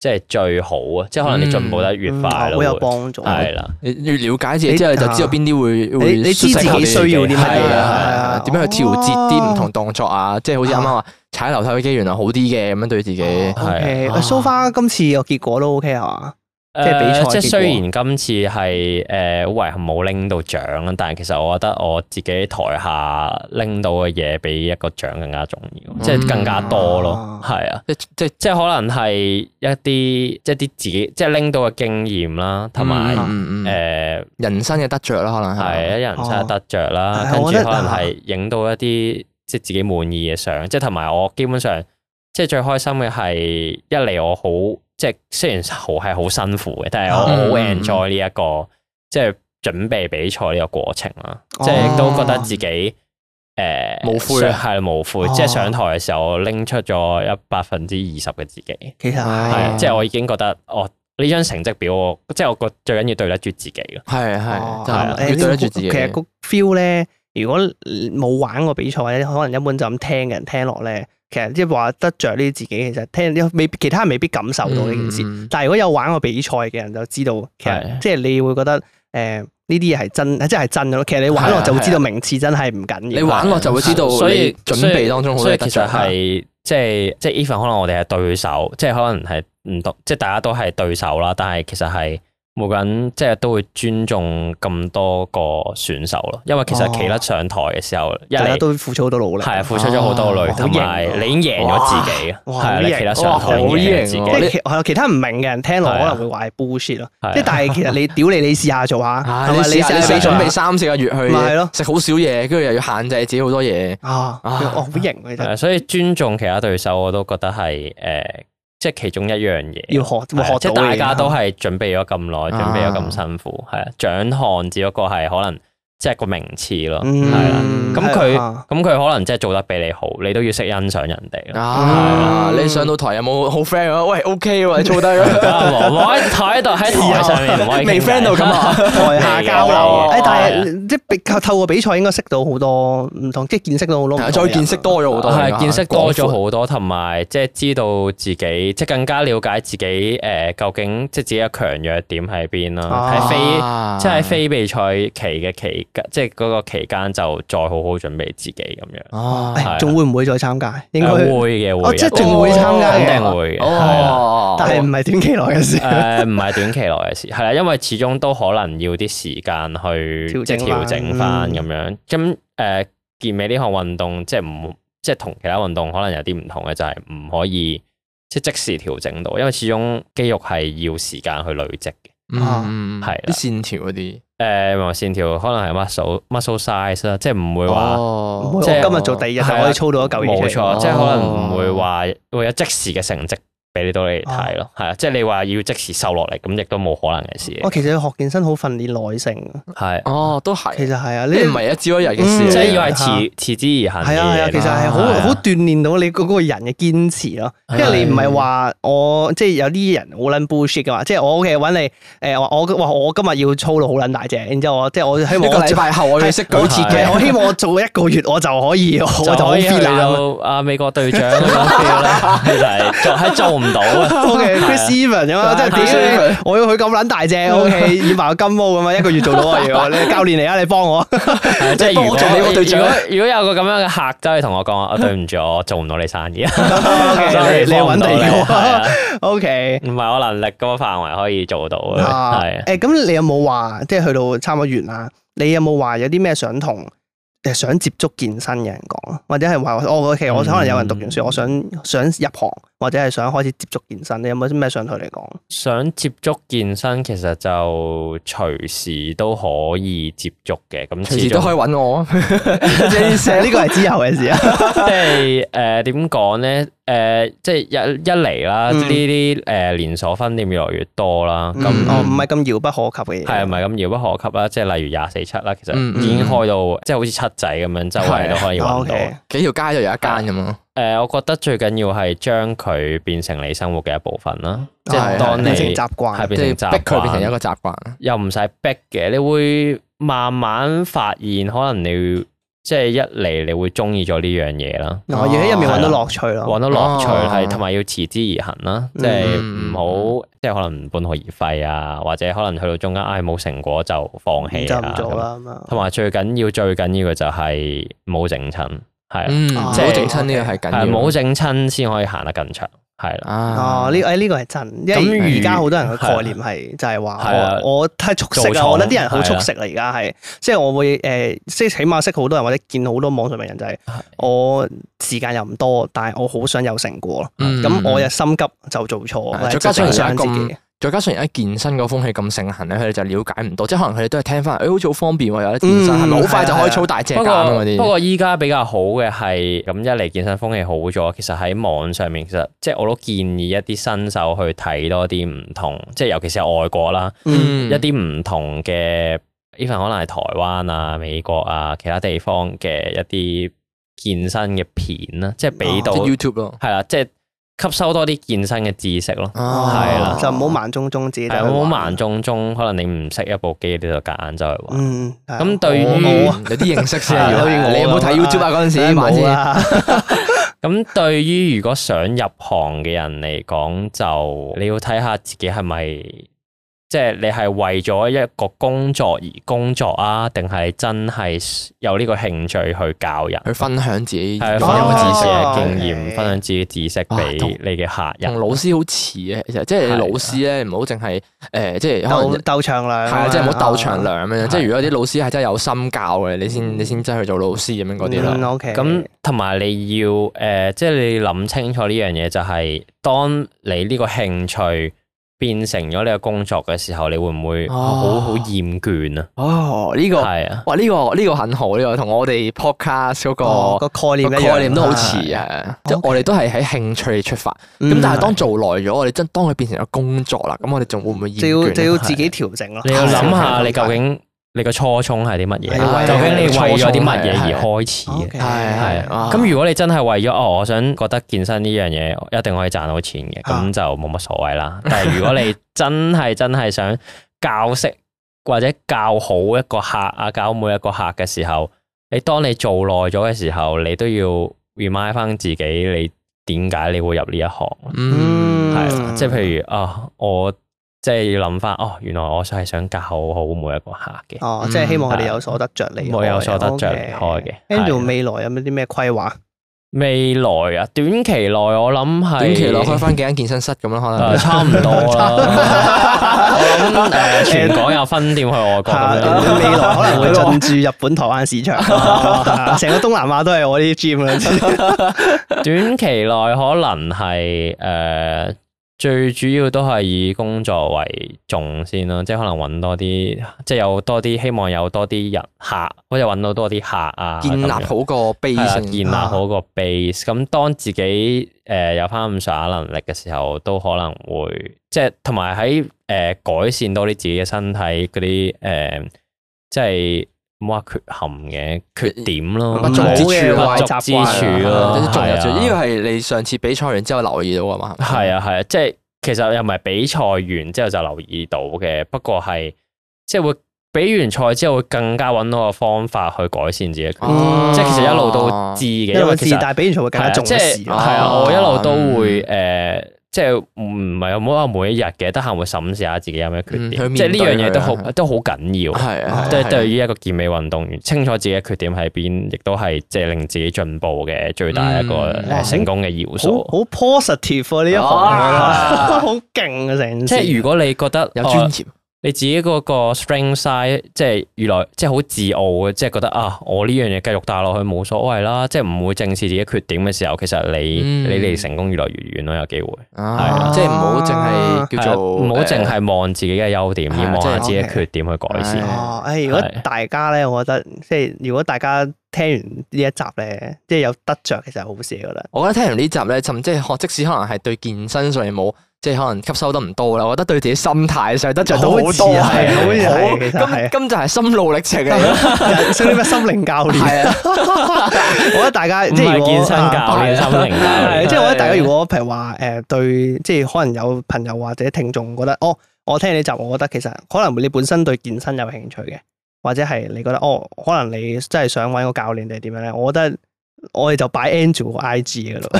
[SPEAKER 2] 即係最好啊！即係可能你進步得越快，好有幫助係啦。你越了解自己之後，就知道邊
[SPEAKER 3] 啲會會。你知自己需要啲乜嘢啊？點樣去調節啲唔同動作啊？即係好似啱啱話踩樓梯機原來好啲嘅，
[SPEAKER 2] 咁樣對自己係。蘇
[SPEAKER 1] 花今次個結果都 OK 係嘛。即係比賽、呃，即係雖然
[SPEAKER 2] 今次係誒好遺憾冇拎到獎啦，但係其實我覺得我自己台下拎到嘅嘢比一個獎更加重要，嗯、即係更加多咯，係啊，啊，即即即可能係一啲即係啲自己即係拎到嘅經驗啦，同埋誒人生嘅得着啦，可能係一、啊、人生嘅得着啦，哦、跟住可能係影到一啲即係自己滿意嘅相，即係同埋我基本上即係最開心嘅係一嚟我好。即係雖然好係好辛苦嘅，但係我好 enjoy 呢一個、嗯、即係準備比賽呢個過程啦。即係都覺得自己誒無悔係無悔，無悔哦、即係上台嘅時候，拎出咗一百分之二十嘅自己。其實係，的哎、呀即係我已經覺得我呢張成績表，即係我覺最緊要對得住自己嘅。係系系，就是、要對得住自己。其實個
[SPEAKER 1] feel 咧，如果冇玩過比賽或者可能一般就咁聽嘅人聽落咧。其實即係話得着呢啲自己，其實聽有未必其他人未必感受到呢件事。嗯、但係如果有玩過比賽嘅人就知道，其實即係你會覺得誒呢啲嘢係真，即係真咯。其實你玩落就會知道名次真係
[SPEAKER 2] 唔緊要。要你玩落就會知道的，所以準備當中好嘅得着係即係即係，even 可能我哋係對手，即係可能係唔同，即係大家都係對手啦。但係其實係。冇緊即係都會尊重咁多個選手咯，因為其實企得上台嘅時候，大家都付出好多努力，係啊，付出咗好多努力，同埋你已經贏咗自己啊，係啊，企得上台贏自己，即係
[SPEAKER 1] 係啊，其他唔明嘅人聽落可能會話係 bullshit 咯，即係但係其實你屌你你試下做下，係咪？你你準備
[SPEAKER 3] 三四個月去，咪係咯？食好少嘢，跟住
[SPEAKER 1] 又要
[SPEAKER 2] 限制自己好多嘢
[SPEAKER 1] 啊，哦，好型啊，
[SPEAKER 2] 其實，所以尊重其他對手，我都覺得係誒。即係其中一樣嘢，要學，要學到嘅，即係大家都係準備咗咁耐，的準備咗咁辛苦，係啊，獎項只不過係可能。即係個名次咯，係啦。咁佢咁佢可能即係做得比你好，你都要識欣賞人哋。啊，
[SPEAKER 3] 你上到台有冇好 friend 啊？喂，OK 喎，你做得喎。我喺台
[SPEAKER 2] 喺度喺視後上面，未 friend 到咁啊？台下交流。哎，但係
[SPEAKER 1] 即係透透過比賽應該識到好多唔同，即係見識到好多。再見識多咗好多，係見識多咗
[SPEAKER 2] 好多，同埋即係知道自己即係更加了解自己誒，究竟即係自己嘅強弱點喺邊啦。喺非即係非比賽期嘅期。即係嗰個期間就再好好準備自己咁
[SPEAKER 1] 樣，仲會唔會再參加？應該會嘅會，即係仲會參加嘅，一定會。
[SPEAKER 2] 哦，但係唔係短期內嘅事。誒，唔係短期內嘅事，係啦，因為始終都可能要啲時間去即係調整翻咁樣。咁誒，健美呢項運動即係唔即係同其他運動可能有啲唔同嘅，就係唔可以即係即時調整到，因為始終肌肉係要時間去累積嘅。嗯嗯嗯，係啲線條嗰啲。誒，橫、嗯、線條可能係 muscle muscle size 啦，哦、即係唔會話，即係今日做第二日係可以操到一舊嘢。冇錯，哦、即係可能唔會話會有即時嘅成績。俾你到你睇咯，係啊，即係你話要即時瘦落嚟，咁亦都冇可能嘅事。我其
[SPEAKER 1] 實要學健身好訓練耐性嘅，係哦，都係，其實係啊，你唔係一朝一日嘅事，即係要係持持
[SPEAKER 2] 之而行。係啊係啊，其實係好好
[SPEAKER 1] 鍛煉到你嗰個人嘅堅持咯。因為你唔係話我即係有啲人好撚 bullshit 嘅話，即係我嘅搵你誒，我話我今日要操到好撚大隻，然之後我即係我希望一個禮拜後我要識舉鐵，我希望我做一個月我
[SPEAKER 2] 就可以，我就可以變到阿美國隊長。就喺做。唔到 OK，Chris 咁啊，即係點？
[SPEAKER 1] 我要佢咁撚大隻，OK，染埋個金毛咁啊，一個月做到啊，要你教練嚟啊，你幫我，
[SPEAKER 2] 即係如果對住如果有個咁樣嘅客，真係同我講，對唔住，我做唔到你生意，你要揾第二個，OK，唔係我能力嘅範圍可以做到啊，
[SPEAKER 1] 係誒，咁你有冇話，即係去到差唔多完啦？你有冇話有啲咩想同想接觸健身嘅人講或者係話我其實我可能有人讀完書，我想想入行。或者係想開始接觸健身，你有冇啲咩想同你講？
[SPEAKER 2] 想接觸健身，其實就隨時都可以接觸嘅。咁隨時都可以揾
[SPEAKER 1] 我啊！呢個係自由嘅事啊！即
[SPEAKER 2] 係誒，點講咧？誒，即係一一嚟啦，呢啲誒連鎖分店越嚟越多啦。咁哦，唔係咁遙不可及嘅。係唔係咁遙不可及啦？即係例如廿四七啦，其實已經開到即係好似七仔咁樣周圍都可以揾到。
[SPEAKER 3] 幾條街就有一間咁啊。
[SPEAKER 2] 誒，我覺得最緊要係將佢變成你生活嘅一部分啦，即係的當你係變成習慣，即係逼佢變成一個習慣，又唔使逼嘅，你會慢慢發現，可能你即係、就是、一嚟，你會中意咗呢樣嘢啦，我而喺入面搵到樂趣咯，搵到樂趣係，同埋、哦、要持之而行啦，即係唔好即係可能半途而廢啊，或者可能去到中間唉冇成果就放棄啊咁樣，同埋最緊要最緊要嘅就係冇整親。係，唔好整親呢個係緊要，唔好整親先可以行得更長，係啦、啊。哦，呢
[SPEAKER 1] 誒呢個係真。咁而家好多人嘅概念係就係話、嗯，我太速食啦！我覺得啲人好速食啦，而家係，即係我會誒，即係起碼識好多人或者見好多網上嘅人就係、是，我時間又唔多，但係我好想有成果，咁我又心急就做錯，或者、嗯、就想自己。
[SPEAKER 3] 再加上而家健身個風氣咁盛行咧，佢哋就了解唔到，即係可能佢哋都係聽翻，誒、哎，好似好方便喎，有啲健身係咪好快就可以操大隻架、嗯、啊？不過
[SPEAKER 2] 依家比較好嘅係，咁一嚟健身風氣好咗，其實喺網上面，其實即係我都建議一啲新手去睇多啲唔同，即係尤其是係外國啦，嗯、一啲唔同嘅 even 可能係台灣啊、美國啊其他地方嘅一啲健身嘅片啦，即係俾到 YouTube 咯，係啦、啊，即係。嗯吸收多啲健身嘅知識咯，係啦、哦，了就
[SPEAKER 1] 唔好盲中中知，就唔好
[SPEAKER 2] 盲中中可能你唔識一部機你就夾硬就去玩。嗯，咁對於、嗯、有啲、啊、 認識先， 你有冇睇 YouTube 啊嗰陣 時？咁對於如果想入行嘅人嚟講，就你要睇下自己係咪。即係你係為咗一個工作而工作啊？定係真係有呢個興趣去教人？去分享自己係分享知識經驗，分享自己知識俾
[SPEAKER 3] 你嘅客人。同老師好似嘅，即係你老師咧唔好淨係誒，即係鬥鬥
[SPEAKER 1] 長糧啦，係啊，即係唔好鬥長糧
[SPEAKER 2] 咁樣。即係如果啲老師係真係有心教嘅，你先你先真係去做老師咁樣嗰啲啦。OK。咁同埋你要誒，即係你諗清楚呢樣嘢，就係當你呢個興趣，變成咗你嘅工作嘅時候，你會唔會好好厭倦、哦這個、啊？哦，呢、這個，哇，呢個呢個很好，呢、這個同我哋
[SPEAKER 3] podcast 嗰、那個個、哦、概念概念都好似啊！即係、啊啊、我哋都係喺興趣出發，咁、嗯、但係當做耐咗，我哋真當佢變成咗工作啦，咁我哋仲會唔會厭？就要就要自己調整咯、啊。你要諗下你
[SPEAKER 2] 究竟。你個初衷係啲乜嘢？啊、究竟你為咗啲乜嘢而開始？係係、啊。咁、啊嗯嗯、如果你真係為咗哦，我想覺得健身呢樣嘢一定可以賺到錢嘅，咁、啊、就冇乜所謂啦。但係如果你真係真係想教識 或者教好一個客啊，教每一個客嘅時候，你當你做耐咗嘅時候，你都要 remind 翻自己，你點解你會入呢一行？嗯，係即係譬如啊，我。即係要諗翻哦，原來我想係想教好每一個客嘅。哦，即係希望佢哋有所得着離開，我有所得着離開嘅。Andrew 未來有冇啲咩規劃？未來啊，短期內我諗係，
[SPEAKER 1] 短期內開翻幾間健身室咁樣，可能差唔多啦。全
[SPEAKER 3] 港有
[SPEAKER 2] 分店去外國，未來可能會進駐日本、台灣市場，成個東南亞都係我啲 gym。短期內可能係誒。最主要都係以工作為重先咯，即係可能揾多啲，即係有多啲，希望有多啲人客，或者揾到多啲客啊，建立好個 base, 啊，建立好個 base，建立好個 base。咁當自己誒、呃、有翻咁上下能力嘅時候，都可能會即係同埋喺誒改善多啲自己嘅身體嗰啲誒，即係。冇話缺陷嘅缺點咯，不足之處，不足之處咯，不足之處。呢個係你上次比賽完之後留意到啊嘛？係啊係啊，即係其實又唔係比賽完之後就留意到嘅，不過係即係會比完賽之後會更加揾到個方法去改善自己。即係其實一路都知嘅，因為自大比完賽會更加重。即係係啊，我一路都會誒。即係唔係有冇好話每一日嘅，得閒會審視下自己有咩缺點。嗯、即係呢樣嘢都好，啊、都好緊要。係啊，即係對於一個健美運動員，啊啊、清楚自己嘅缺點喺邊，亦都係即係令自己進步嘅最大一個成功嘅要素。嗯、好，好 positive 呢一行，好勁啊！成即係如果你覺得有尊嚴。啊你自己嗰個 string size 即係越來即係好自傲嘅，即係覺得啊，我呢樣嘢繼續大落去冇所謂啦，即係唔會正視自己缺點嘅時候，其實你、嗯、你離成功越來越遠咯，有機會係啊，的即係唔好淨係叫做唔好淨係望自己嘅優點，的要望下自己嘅缺點去改善。哦 okay,
[SPEAKER 1] 的，誒、啊，如果大家咧，我覺得即係如果大家聽完呢一集咧，即係有得着，其實好少。嘅 啦樂。我覺得聽完呢集咧，甚至即即使可能係
[SPEAKER 3] 對健身上冇。即係可能吸收得唔多啦，我覺得對自己心態上得着好多係，咁咁就係心路歷程啊，所以咩心靈教練？
[SPEAKER 1] 我覺得大家即係健身教練心靈，即係我覺得大家如果譬如話誒，對，即係可能有朋友或者聽眾覺得哦，我聽你集，我覺得其實可能你本身對健身有興趣嘅，或者係你覺得哦，可能你真係想揾個教練定係點樣咧？我覺得。我哋就擺 Andrew IG 嘅咯，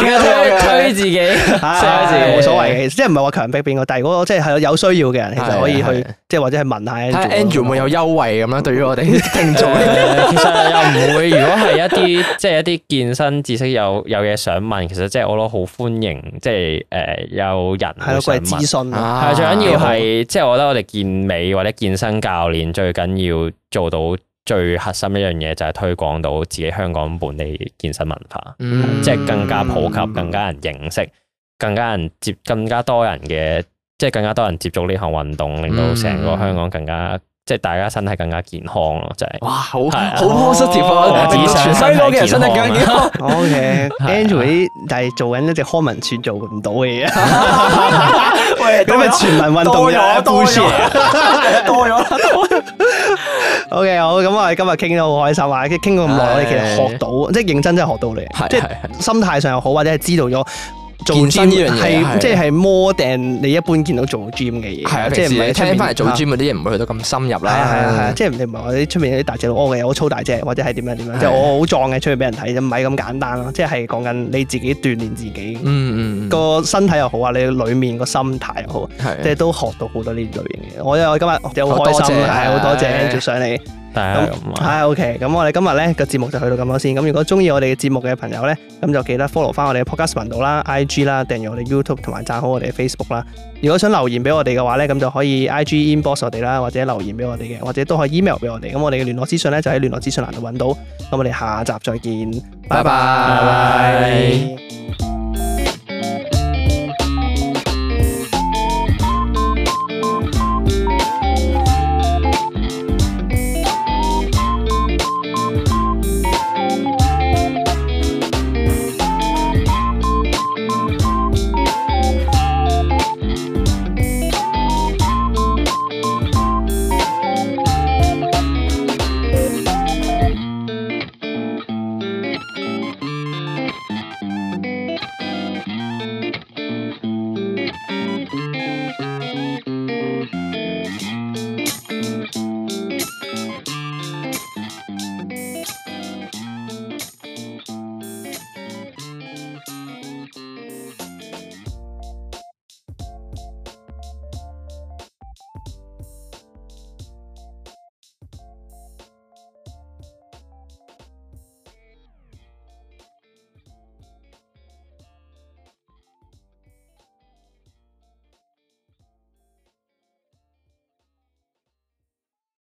[SPEAKER 1] 點解都要
[SPEAKER 4] 推自己？係冇 所謂嘅，
[SPEAKER 1] 即係唔係話強人逼邊個？但係如果即係有有需要嘅人， 其實可以去即係或者係問下 Andrew。Andrew 會有優惠咁樣？對於我哋啲聽眾，其
[SPEAKER 4] 實
[SPEAKER 3] 又唔 會。如果
[SPEAKER 2] 係一啲即係一啲健身知識有有嘢想問，其實即係我都好歡迎，即係誒有人係咯，佢諮詢係最緊要係。即係我覺得我哋健美或者健身教練最緊要做到。最核心一樣嘢就係推廣到自己香港本地健身文化，即係、mm. 更加普及、更加人認識、更加人接、更加多人嘅，即係更加多人接觸呢項運動，令到成個香港更加即係大家身體更加健康咯，就係哇好好 positive，全香港嘅身體更加健康。OK，Andrew，、okay. 但係做
[SPEAKER 1] 緊一隻康文署做唔到嘅嘢，
[SPEAKER 4] 喂，你咪了
[SPEAKER 1] 全民運動、啊、多咗，多咗。
[SPEAKER 4] 多
[SPEAKER 1] OK，好，咁我哋今日傾得好開心啊！即係傾咁耐，我哋其實學到，即係認真真係學到你，即係心態上又好，或者係知道咗。
[SPEAKER 2] 健身呢樣嘢係即係
[SPEAKER 1] more than 你一般見到做 gym 嘅嘢，係啊，即係唔係聽翻嚟做 gym 嗰啲人唔會去到咁深入啦。係啊係啊，即係你唔係話你出面啲大隻佬屙嘅，好粗大隻或者係點樣點樣，即係我好壯嘅出去俾人睇啫，唔係咁簡單咯。即係講緊你自己鍛煉自己，嗯個身體又好啊，你裏面個心態又好，即係都學到好多呢類型嘅。我我今日好開心，係好多謝，跟住上嚟。咁係、啊嗯哎、OK，咁我哋今日咧個節目就去到咁多先。咁如果中意我哋嘅節目嘅朋友咧，咁就記得 follow 翻我哋嘅 Podcast 頻道啦、IG 啦，訂閱我哋 YouTube 同埋讚好我哋嘅 Facebook 啦。如果想留言俾我哋嘅話咧，咁就可以 IG inbox 我哋啦，或者留言俾我哋嘅，或者都可以 email 俾我哋。咁我哋嘅聯絡資訊咧就喺聯絡資訊欄度搵到。咁我哋下集再見，拜拜 bye。Bye bye